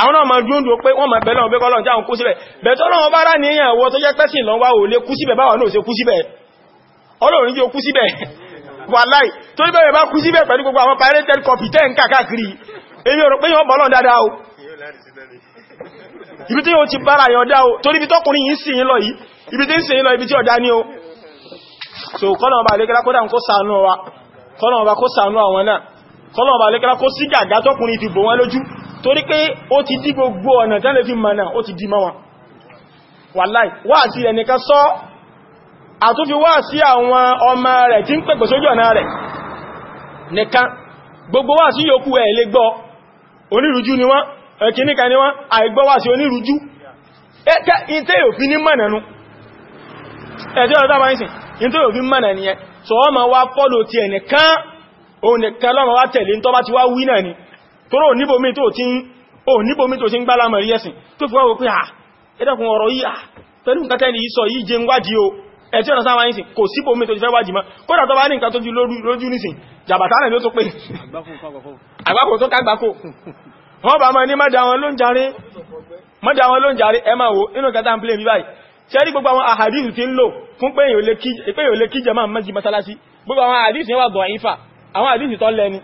àwọn ọmọ dúndò pé wọ́n ma bẹ̀lọ́ ọ̀bẹ́ kọ́lọ̀ jáun kú síbẹ̀ bẹ̀tọ́ lọ́wọ́ bá rá ní èyàn ẹ̀wọ́ tó jẹ́ pẹ́sìn lọ́wọ́ ò lè kú síbẹ̀ báwọn náà ṣe kú síbẹ̀ ọlọ́run yóò kú síbẹ̀ wàláì tó bẹ̀rẹ̀ bá kú síbẹ̀ pẹ̀lú gbogbo àwọn pirated copy tẹ́ ń kàkàkiri so kọ́nà ọba àlékẹ́lá kó dáun wa kọ́nà ọba kó ṣàánú àwọn náà kọ́nà ọba àlékẹ́lá kó sí gàgá tọ́kùnrin ti bò lójú torí pé ó ti dí gbogbo ọ̀nà tẹ́lẹ̀ fi mọ̀ náà ó ti dí mọ́wàá wàláì wà sí ẹnìkan sọ àtúnfi wà sí àwọn ọmọ rẹ̀ tí ń pẹ̀pẹ̀ sójú ọ̀nà rẹ̀ nìkan gbogbo wà sí yòókù ẹ̀ lè gbọ́ onírújú ni wọ́n ẹ̀kìníkà ni wọ́n àìgbọ́ wà sí onírújú ẹ̀kẹ́ ìtẹ́ òfin ní mọ̀nà nú ẹ̀tẹ́ ọ̀rọ̀ tọ́rọ níbòmí tó ti ń gbálámọ̀ rí ẹ̀sìn tó fi wáwọ́ pé à ẹ́dẹ́kùn ọ̀rọ̀ yìí à pẹ̀lú nǹkan tẹ́ni yìí sọ yìí jẹ wádìí o ẹ̀tí ọ̀nà sáwá yìí kò sí bòmí tó ti fẹ́ wádìí mọ́ kódà tó bá ní nǹkan tó ju lójú nìsìn jàbàtà rẹ̀ ló tó pé àgbákò tó kágbákò wọ́n bá mọ́ ní mọ́dà wọn ló ń jàre ẹ máa wo inú kẹta ń plé bí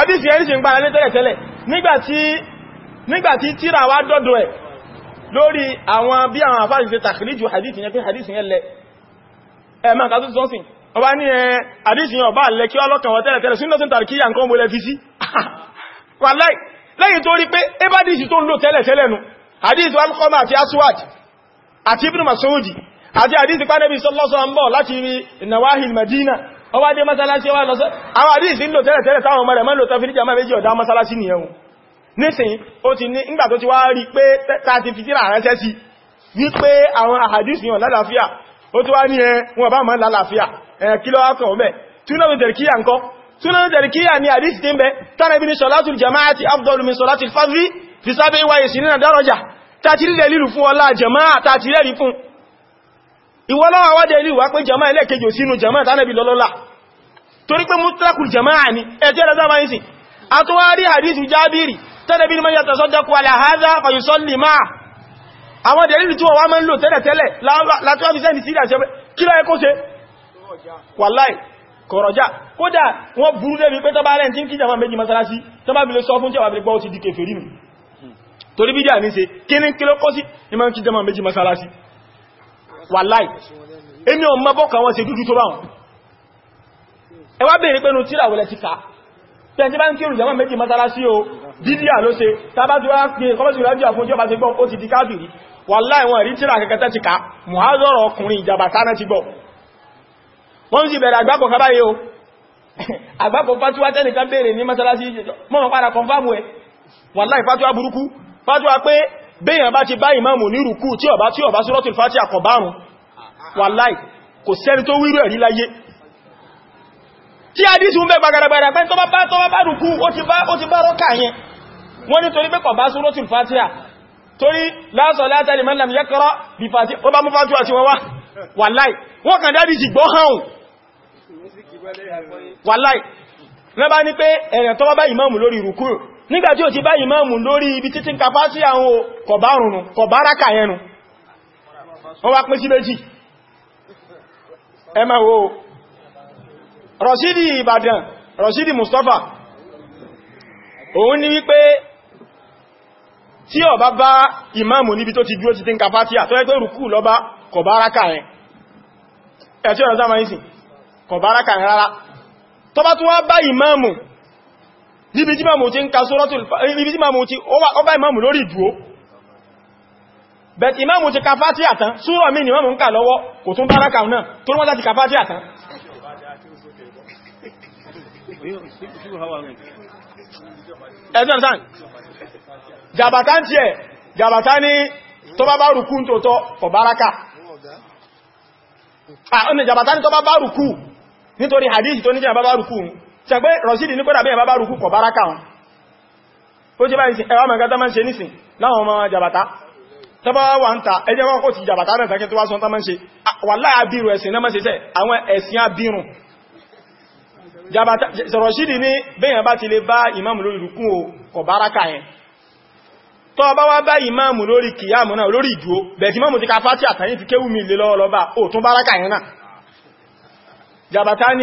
àdísì ẹ̀rí ṣe ń gbára lé tẹ́lẹ̀tẹ́lẹ̀ nígbàtí tíra wá dọ́dọ̀ ẹ̀ lórí àwọn bí àwọn àfáàrí ṣe tàkìríjù àdísì yẹn pé àdísì yẹn lẹ ẹ̀mà kàtó sọ́sìn ọba ní ẹ àdísì yẹn ọba lẹ kí ọlọ́kàn wọ tẹ́lẹ̀tẹ́lẹ̀ sínú sí tàrí kíyà nǹkan mọ́lẹ̀ fi sí lẹ́yìn tó rí pé ebádìsì tó ń lò tẹ́lẹ̀tẹ́lẹ̀ nu àdísì wà kọ́mà àti aswad àti ibn masoudi àti àdísì pánẹ́bí sọ́lọ́sọ́ ń bọ̀ láti ìnàwáhìl ó wá dé mọ́sálásí wá lọ́sọ́ àwọn àdíìsí ń lò tẹ́lẹ̀ tẹ́lẹ̀ táwọn ọmọ rẹ̀ mọ́lò tán fi níjà máa méjì ọ̀dá mọ́sálásí nìyẹn o nísìn ó ti ní ìgbà tó ti wá rí pé tàti fi tíra ránṣẹ́ sí wípé àwọn àdíìsí yàn lálàáfíà ó ti wá ní ẹ wọn bá mọ́ lálàáfíà ẹ kí ló wá kàn ọmọ túnlọ́wọ́ tẹ̀ríkíyà nǹkan túnlọ́wọ́ tẹ̀ríkíyà ni àdíìsí ti jama'a tàti rẹ̀rí fún ìwọ́lọ́wà wádẹ ilé ìwà pé jama ẹlẹ́kejì sínú jama tánàbí lọ́lọ́lá torí pé mútlákùl jama ní ẹjẹ́ rẹ̀záma ìsìn a tó wá rí hadithu jábìrì tánàbí man yatasaddaqu ala ma àwọn dẹ̀lìlì tí wọ́n wá mọ́ ń lò tẹ́lẹ̀tẹ́lẹ̀ látọ́fisẹ́ni sí ìdàṣẹ́ kí láyé kó se wàláì kọ̀rọ̀já kódà wọ́n burú débi pé tọ́bá rẹ̀ masalasi tọ́bá bí lè sọ fún jẹ́wà bí gbọ́ ti di kèfèrí nù se kí ní kí ló kó sí masalasi wàláì èmi ò mọ̀ bọ́kà wọn ṣe dúdú tó báwọn ẹ wá bèèrè pẹ́nu tíra wọlẹ̀ ti ká tẹ́ntí bá ń kí olùjẹ́mọ́ méjì mọ́sára sí o dídíà ló ṣe tàbátí wá pín kọ́lọ́sì rájú àfún ìjọba ti gbọ́ ó ti di káàkiri wàláì wọn rí tíra kẹkẹtẹ́ ti ká mùházọ́rọ̀ ọkùnrin ìjàbà sáná ti gbọ́ wọ́n sì bẹ̀rẹ̀ àgbàpọ̀ kábáyé o àgbàpọ̀ fatuwa tẹ́nìkan bèèrè ní mọ́sára sí mọ́mọ̀ béèyàn bá ti bá ìmáàmù ní rùkú tí ó bá tí ó bá suratul Fatiha kò bárùn wàláì kò sẹ́ni tó wírú ẹ̀rí láyé tí àdísì ń bẹ́ gbagaragbara pẹ́ tó bá bá tó bá bá rùkú ó ti bá rọ́kà yẹn wọ́n ní torí pé kò bá suratul Fatiha torí la salata liman lam yaqra bi Fatiha ó bá mú Fatiha àti wọn wá wàláì wọ́n kàn dádì jì gbọ́ hàn nígbàtí ò ti bá ìmáàmù lórí ibi títí ń kapá sí àwọn kọ̀bárùn-ún kọ̀báraka yẹnu wọ́n wá pín sí méjì ẹmà wo rọ̀sídì ìbàdàn rọ̀sídì mustapha òun ní wípé tí ó bá bá ìmáàmù níbi tó ti dúró títí ń kapá níbi tí màmù ti ń ka sórọ́tù eh, níbi tí màmù ti ó bá ìmàmù lórí ìdúó bẹ̀t ìmàmù ti ka fàtí àtán súrọ̀ mí ni màmù ń kà lọ́wọ́ kò tún bára kàun náà tó rọ́n láti ka fàtí àtán ẹ̀sẹ̀mtán jàbàtá ti ẹ̀ jàbàtá ní tó bá bá rùkú tó tọ́ kọ̀ jàbàtá ní tó bá bá rùkú nítorí hadith tó ní jẹ́ bá bá rùkú ṣàgbé rọ̀sídì ní kọ́dà bí ẹ̀bá bá rúkú kọ̀ bára káwọn ó jẹ́ báyìí ẹwà mẹ́gá tó máa ń ṣe nísìn láwọn ọmọ jàbàtá tó bá wà ń ta ẹjẹ́ wọ́n kò ti jàbàtá rẹ̀ tàkí tó wá sọ tó máa ń ṣe wà láà bírù ẹ̀sìn náà máa ṣe sẹ́ àwọn ẹ̀sìn abírùn rọ̀sídì ní bẹ́yàn bá ti lè bá ìmáàmù lórí rúkú kọ̀ bára ká yẹn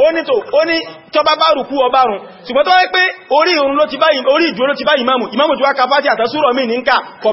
Onito oni tó ó ní tọba bá rùkú ọbárùn ṣùgbọ́n tó wáyé pé orí ìrun ló ti bá orí ìdúró ló ti bá ìmáàmù ìmáàmù ti wá ka fátíà àtàsúrọ̀ mí ní ń ká kọ̀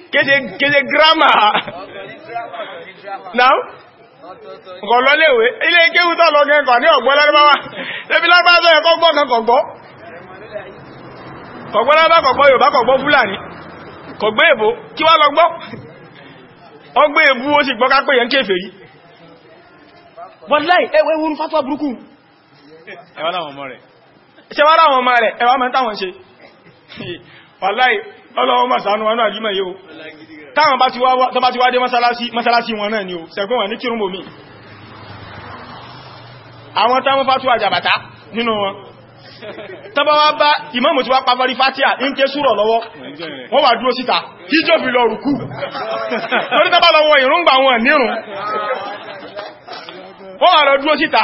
kéde gírámà náà kọ̀ lọ́léèwé ilé kéwú tó lọ gẹ́kọ̀ ní ọ̀gbọ́ lárúbáwá lẹ́bí lágbàájọ́ ẹ̀kọ́ gbọ́ kan kọ̀gbọ́ kọ̀gbọ́ lábá kọ̀gbọ́ Yorùbá kọ̀gbọ́ Fúlàní kọ̀gbọ́ èbó kí wá lọ́gbọ́ ọgbẹ́ èbú ó sì gbọ́ká pé yẹn kéfè yìí wọ́n láì ẹwẹ́ wúrú fátọ́ burúkú ẹwà láwọn ọmọ ọlọ́wọ́ masánú wọn náà rí mẹ́ yóò táwọn bá ti wá dé masalasi wọn náà ni ó sẹ́gbọ́n wọn ní kírùn bòmí àwọn táwọn fàtíwà jàbàtá nínú wọn tọba wá bá ìmáàmù tí wá pàfàrí fàtíà ń ké súrọ̀ lọ́wọ́ wọ́n wà dúró síta kí jọ fi lọ rùkú lórí tọba lọ́wọ́ ìrúngbà wọn nírùn wọ́n wà lọ dúró síta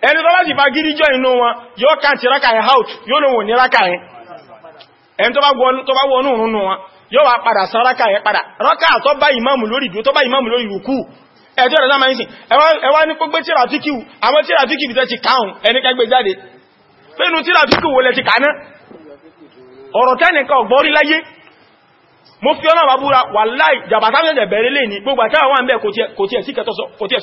ẹni tó láti bá gírí jọ inú wọn yóò ká ti rákà ẹ̀ out yóò lòun ní rákà ẹ̀ ẹni tó bá wọnú ìrúnnú wọn yóò wá padà san rákà ẹ̀ padà rákà tó bá ìmáàmù lórí ìdó tó bá ìmáàmù lórí ìrùkú ẹjọ́ rẹ̀ sáma ìsìn ẹwà ní pé tíratíkì àwọn tíratíkì bìtẹ́ ti káhùn ẹni kẹgbẹ́ jáde pẹ́nu tíratíkì wo lẹ ti kàná ọ̀rọ̀ tẹ́nìkan ọ̀gbọ́rí láyé mo fi ọ̀nà àbúra wà láì jàbátá mẹ́jẹ̀ bẹ̀rẹ̀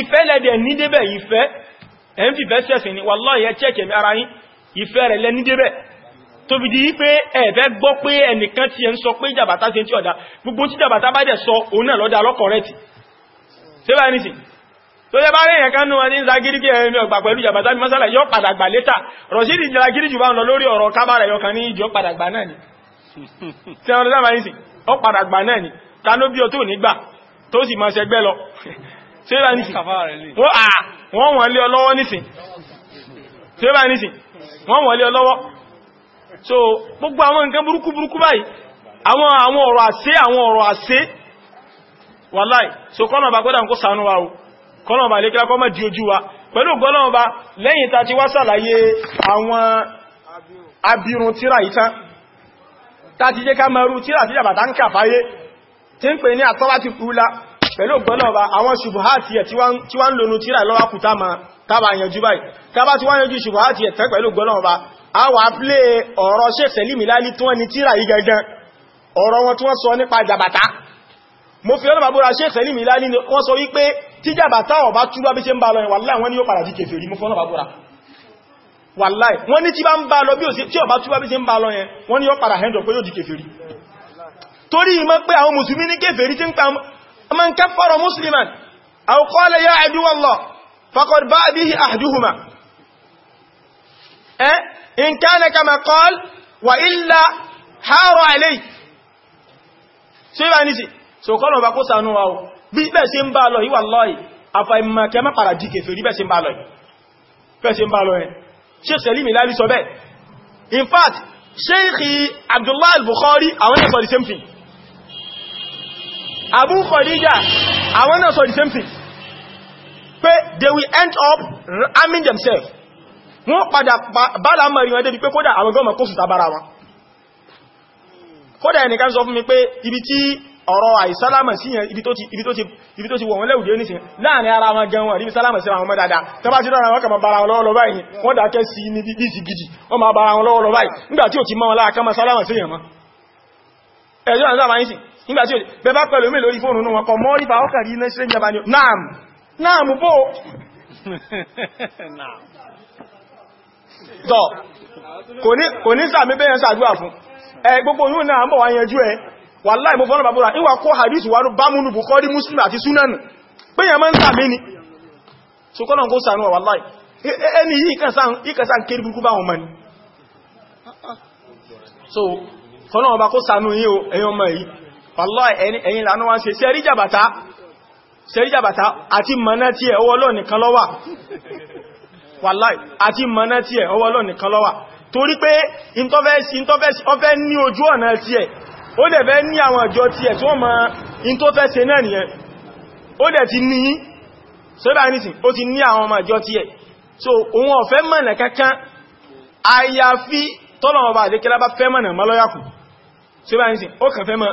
ìfẹ́ lẹ́dẹ̀ ní débẹ̀ ìfẹ́ wallahi chẹ́kẹ̀ ara ìfẹ́ rẹ̀ lẹ́ fi di wípé ẹ̀fẹ́ gbọ́ pé ẹnìkan ti ń sọ pé jàbàtà tí ọ̀dá gbogbo tí jàbàtà bá dẹ̀ sọ òun náà lọ́dá lọ́kọ̀rẹ́tì ṣé bá nìsìn tó yẹ bá rí èèyàn kan ní ìzagírí kí ẹ̀mí ọgbà pẹ̀lú jàbàtà ní mọ́sálà yọ padà gbà létà jù bá ń lọ lórí ọ̀rọ̀ kábàrà yọ kan ní ìjọ padà gbà náà ni ṣe bá nísìn wọ́n wọ́n lé ọlọ́wọ́ nísìn ṣe bá nísìn wọ́n wọ́n lé ọlọ́wọ́ so gbogbo àwọn nǹkan burúkú burúkú báyìí àwọn àwọn ọ̀rọ̀ àṣẹ àwọn ọ̀rọ̀ àṣẹ wàláì so kọ́nà bá gbọ́dà kó sànú wa o kọ́nà bá lékílá kọ́ mọ́ di ojú wa pẹ̀lú gbọ́nà bá lẹ́yìn ta ti wá sàlàyé àwọn abirun tíra ìtàn ta ti jẹ́ ká mẹ́rú tíra tí jàbàtà ń kà fáyé tí ń pè ní àtọ́lá ti kúrú la pẹ̀lú ògbọ́lọ́ọ̀bá àwọn ṣubuhati ẹ̀ tí wá ń lónú tíra lọ́wọ́ kù táàmà yanjú báyìí tábà tí wá yanjú ṣubuhati ẹ̀ tẹ́ pẹ̀lú ògbọ́lọ́ọ̀bá a wà ọ̀rọ̀ ṣe sẹ̀límì ni tíra yìí gẹ́gẹ́ ọ̀rọ̀ wọn tí wọ́n sọ nípa jàbàtá mo fi ọlọ́bà búra ṣe sẹ̀límì lálí wọ́n sọ wípé tí jàbàtá ọ̀bá túbá bí ṣe ń bá lọ wàláì wọ́n ni yóò padà di kèfèrí mo fi ọlọ́bà búra wàláì wọ́n ni tí bá ń bá lọ bí òsì tí ọ̀bá túbá bí ṣe ń bá lọ yẹn wọ́n ni yóò padà torí mọ̀ pé àwọn mùsùlùmí ní kèfèrí tí ń pa man kaffara musliman aw qala ya aduwa Allah faqad ba'a bihi ahduhuma eh in kana kama qala wa illa hara alayhi ṣe bá ní sí so kọ́lọ̀ bá kó sànú wa o bí bẹ́ẹ̀ ṣe ń bá lọ ìwà lọ́ì àfàìmọ̀kẹ́ mẹ́pàrà Abu Khadija àwọn náà sọ the same thing pé they will end up arming themselves wọ́n padà bala mọ̀ ìwọ̀n débi pé kódà àwọn gọ́ọ̀mọ̀ kó sùta bára wọn kódà ẹnìkan sọ fún mi pé ibi tí ọ̀rọ̀ àìsálámà sí yẹn ibi tó ti wọ̀ wọn lẹ́wùdé oníṣẹ́ láàrin ara wọn gan wọn rí sálámà sí àwọn ọmọ dáadáa tó bá ti wọn kàmà bára wọn lọ́wọ́lọ́ báyìí wọ́n dákẹ́ sí ní bí gidi wọ́n ma bára wọn lọ́wọ́lọ́ báyìí nígbà tí ò ti mọ́ wọn láàkàmà sálámà sí yẹn mọ́ ẹ̀yọ́ nígbàtí bẹba pẹ̀lú mi lórí fóònù náà kọ mọ́rí bá ọkà rí ináṣẹ́ ìjọba ni naam naam bó tọ́ kò ní sàmì bẹ́yẹn sàdúwà fún ẹ gbogbo yíò náà mọ̀ wá yanjú ẹ wàláhì mo fọ́nà bàbúrà ìwà kó hadith wà bá múnú Bukhari Muslim àti súnánù bẹ́yẹn mọ́ ń sàmì ni so kọ́nà kó sànú wàláhì ẹni yìí kẹsàn kéré burúkú báwọn mọ́ ni so kọ́nà ọba kó sànú yìí o mọ́ yìí wallahi ẹ̀yìn lànà wọ́n ṣe sẹ́ríjàbàtá sẹ́ríjàbàtá àti mọ̀ná tí ẹ̀ ọwọ́ lọ́nìkan lọ́wà wallahi àti mọ̀ná tí ẹ̀ ọwọ́ lọ́nìkan lọ́wà torí pé intọ́fẹ́sí intọ́fẹ́sí ọfẹ́ ní ojú ọ̀nà tí ẹ̀ ó dẹ̀ fẹ́ ní àwọn ọjọ́ tí ẹ̀ tó mọ̀ intọ́fẹ́sí náà nìyẹn ó dẹ̀ ti ní sọ́bà nísìn ó ti ní àwọn ọjọ́ tí ẹ̀ so òun ọ̀fẹ́ mọ̀nà kankan àyàfi tọ́lọ̀mọba àdékẹ́lá bá fẹ́ mọ̀nà mọ́lọ́yàkù sọ́bà nísìn ó kàn fẹ́ mọ̀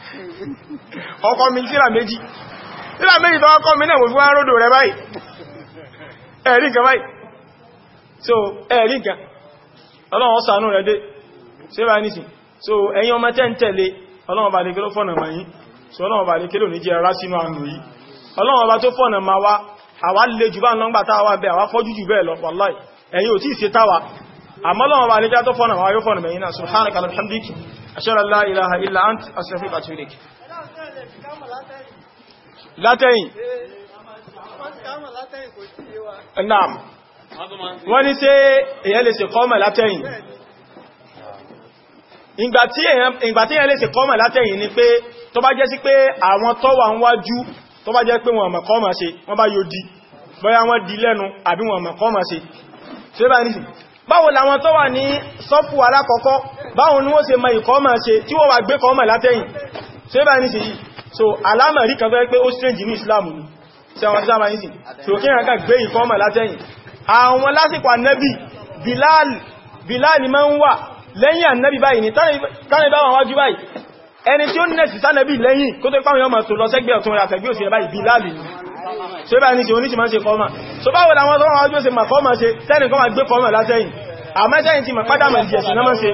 ọkọ̀ mi tíra méjì tíra méjì tó ọkọ̀ mi náà mo fi wá ródò rẹ báyìí ẹ̀rí nǹkan báyìí so ẹ̀rí nǹkan ọlọ́run ṣàánú rẹ̀ dé ṣe bá nìsìn so ẹ̀yin ọmọ tẹ́ ń tẹ̀lé ọlọ́run bá lè kí ló fọ́nà mọ̀ yìí so ọlọ́run bá lè kí ló ní jẹ́ ara sínú àánú yìí ọlọ́run bá tó fọ́nà ma wá àwa lè jù bá ń lọ́ngbà táwa bẹ́ àwa fọ́jú jù bẹ́ẹ̀ lọ wallahi ẹ̀yin ò tí ì ṣe táwa àmọ́ ọlọ́run bá lè kí tó fọ́nà wa yóò fọ́nà mẹ́yìn náà subhanaka alhamdulillah ashhadu an la ilaha illa ant astaghfiruka wa atubu ilayk látẹ̀yìn naam wọ́n ní ṣé èyàn lè ṣe kọ́mọ̀ látẹ̀yìn ìgbà tí èyàn lè ṣe kọ́mọ̀ látẹ̀yìn ni pé tó bá jẹ́ sí pé àwọn tó wà ń wájú tó bá jẹ́ pé wọ́n mọ̀ kọ́mọ̀ ṣe wọ́n bá yóò di bóyá wọ́n di lẹ́nu àbí wọ́n mọ̀ kọ́mọ̀ ṣe ṣe bá ní báwo làwọn tó wà ní so alama rí kan fẹ́ pé ó strange ní islam ni tí àwọn islam ní sí so kí ẹ̀rọ gbé ìfọ́mà látẹ́yìn àwọn lásìkò annabi bilal bilal ma ń wà lẹ́yìn annabi báyìí ni tánàbí bá wọn wájú báyìí ẹni tí ó nẹ̀sì sánàbí lẹ́yìn kó tó pàwọn ọmọ tó lọ sẹ́gbẹ̀ ọ̀tún rẹ̀ àfẹ́gbẹ̀ òsì báyìí bilal ni so bá ní sí oníṣì máa ń ṣe fọ́mà so báwo làwọn tó wọ́n wájú ó ṣe mà fọ́mà ṣe tẹ́nì kan máa gbé fọ́mà látẹ́yìn àmẹ́sẹ́yìn ti mà pátá mà jẹ̀sì náà mọ́ ṣe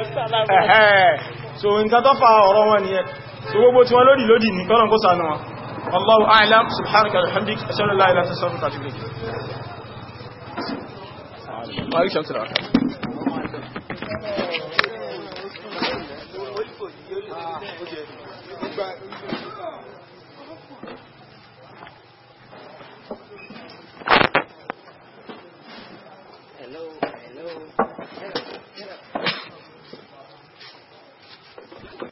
ẹ̀ẹ́ so nǹkan tó fa ọ̀rọ̀ wọn nìyẹn so gbogbo tí wọ́n lódì lódì ní kọ́nà kó sànà wọn Allahu a'lam subhanaka alhamdik ashhadu an la ilaha illa anta Hello, hello.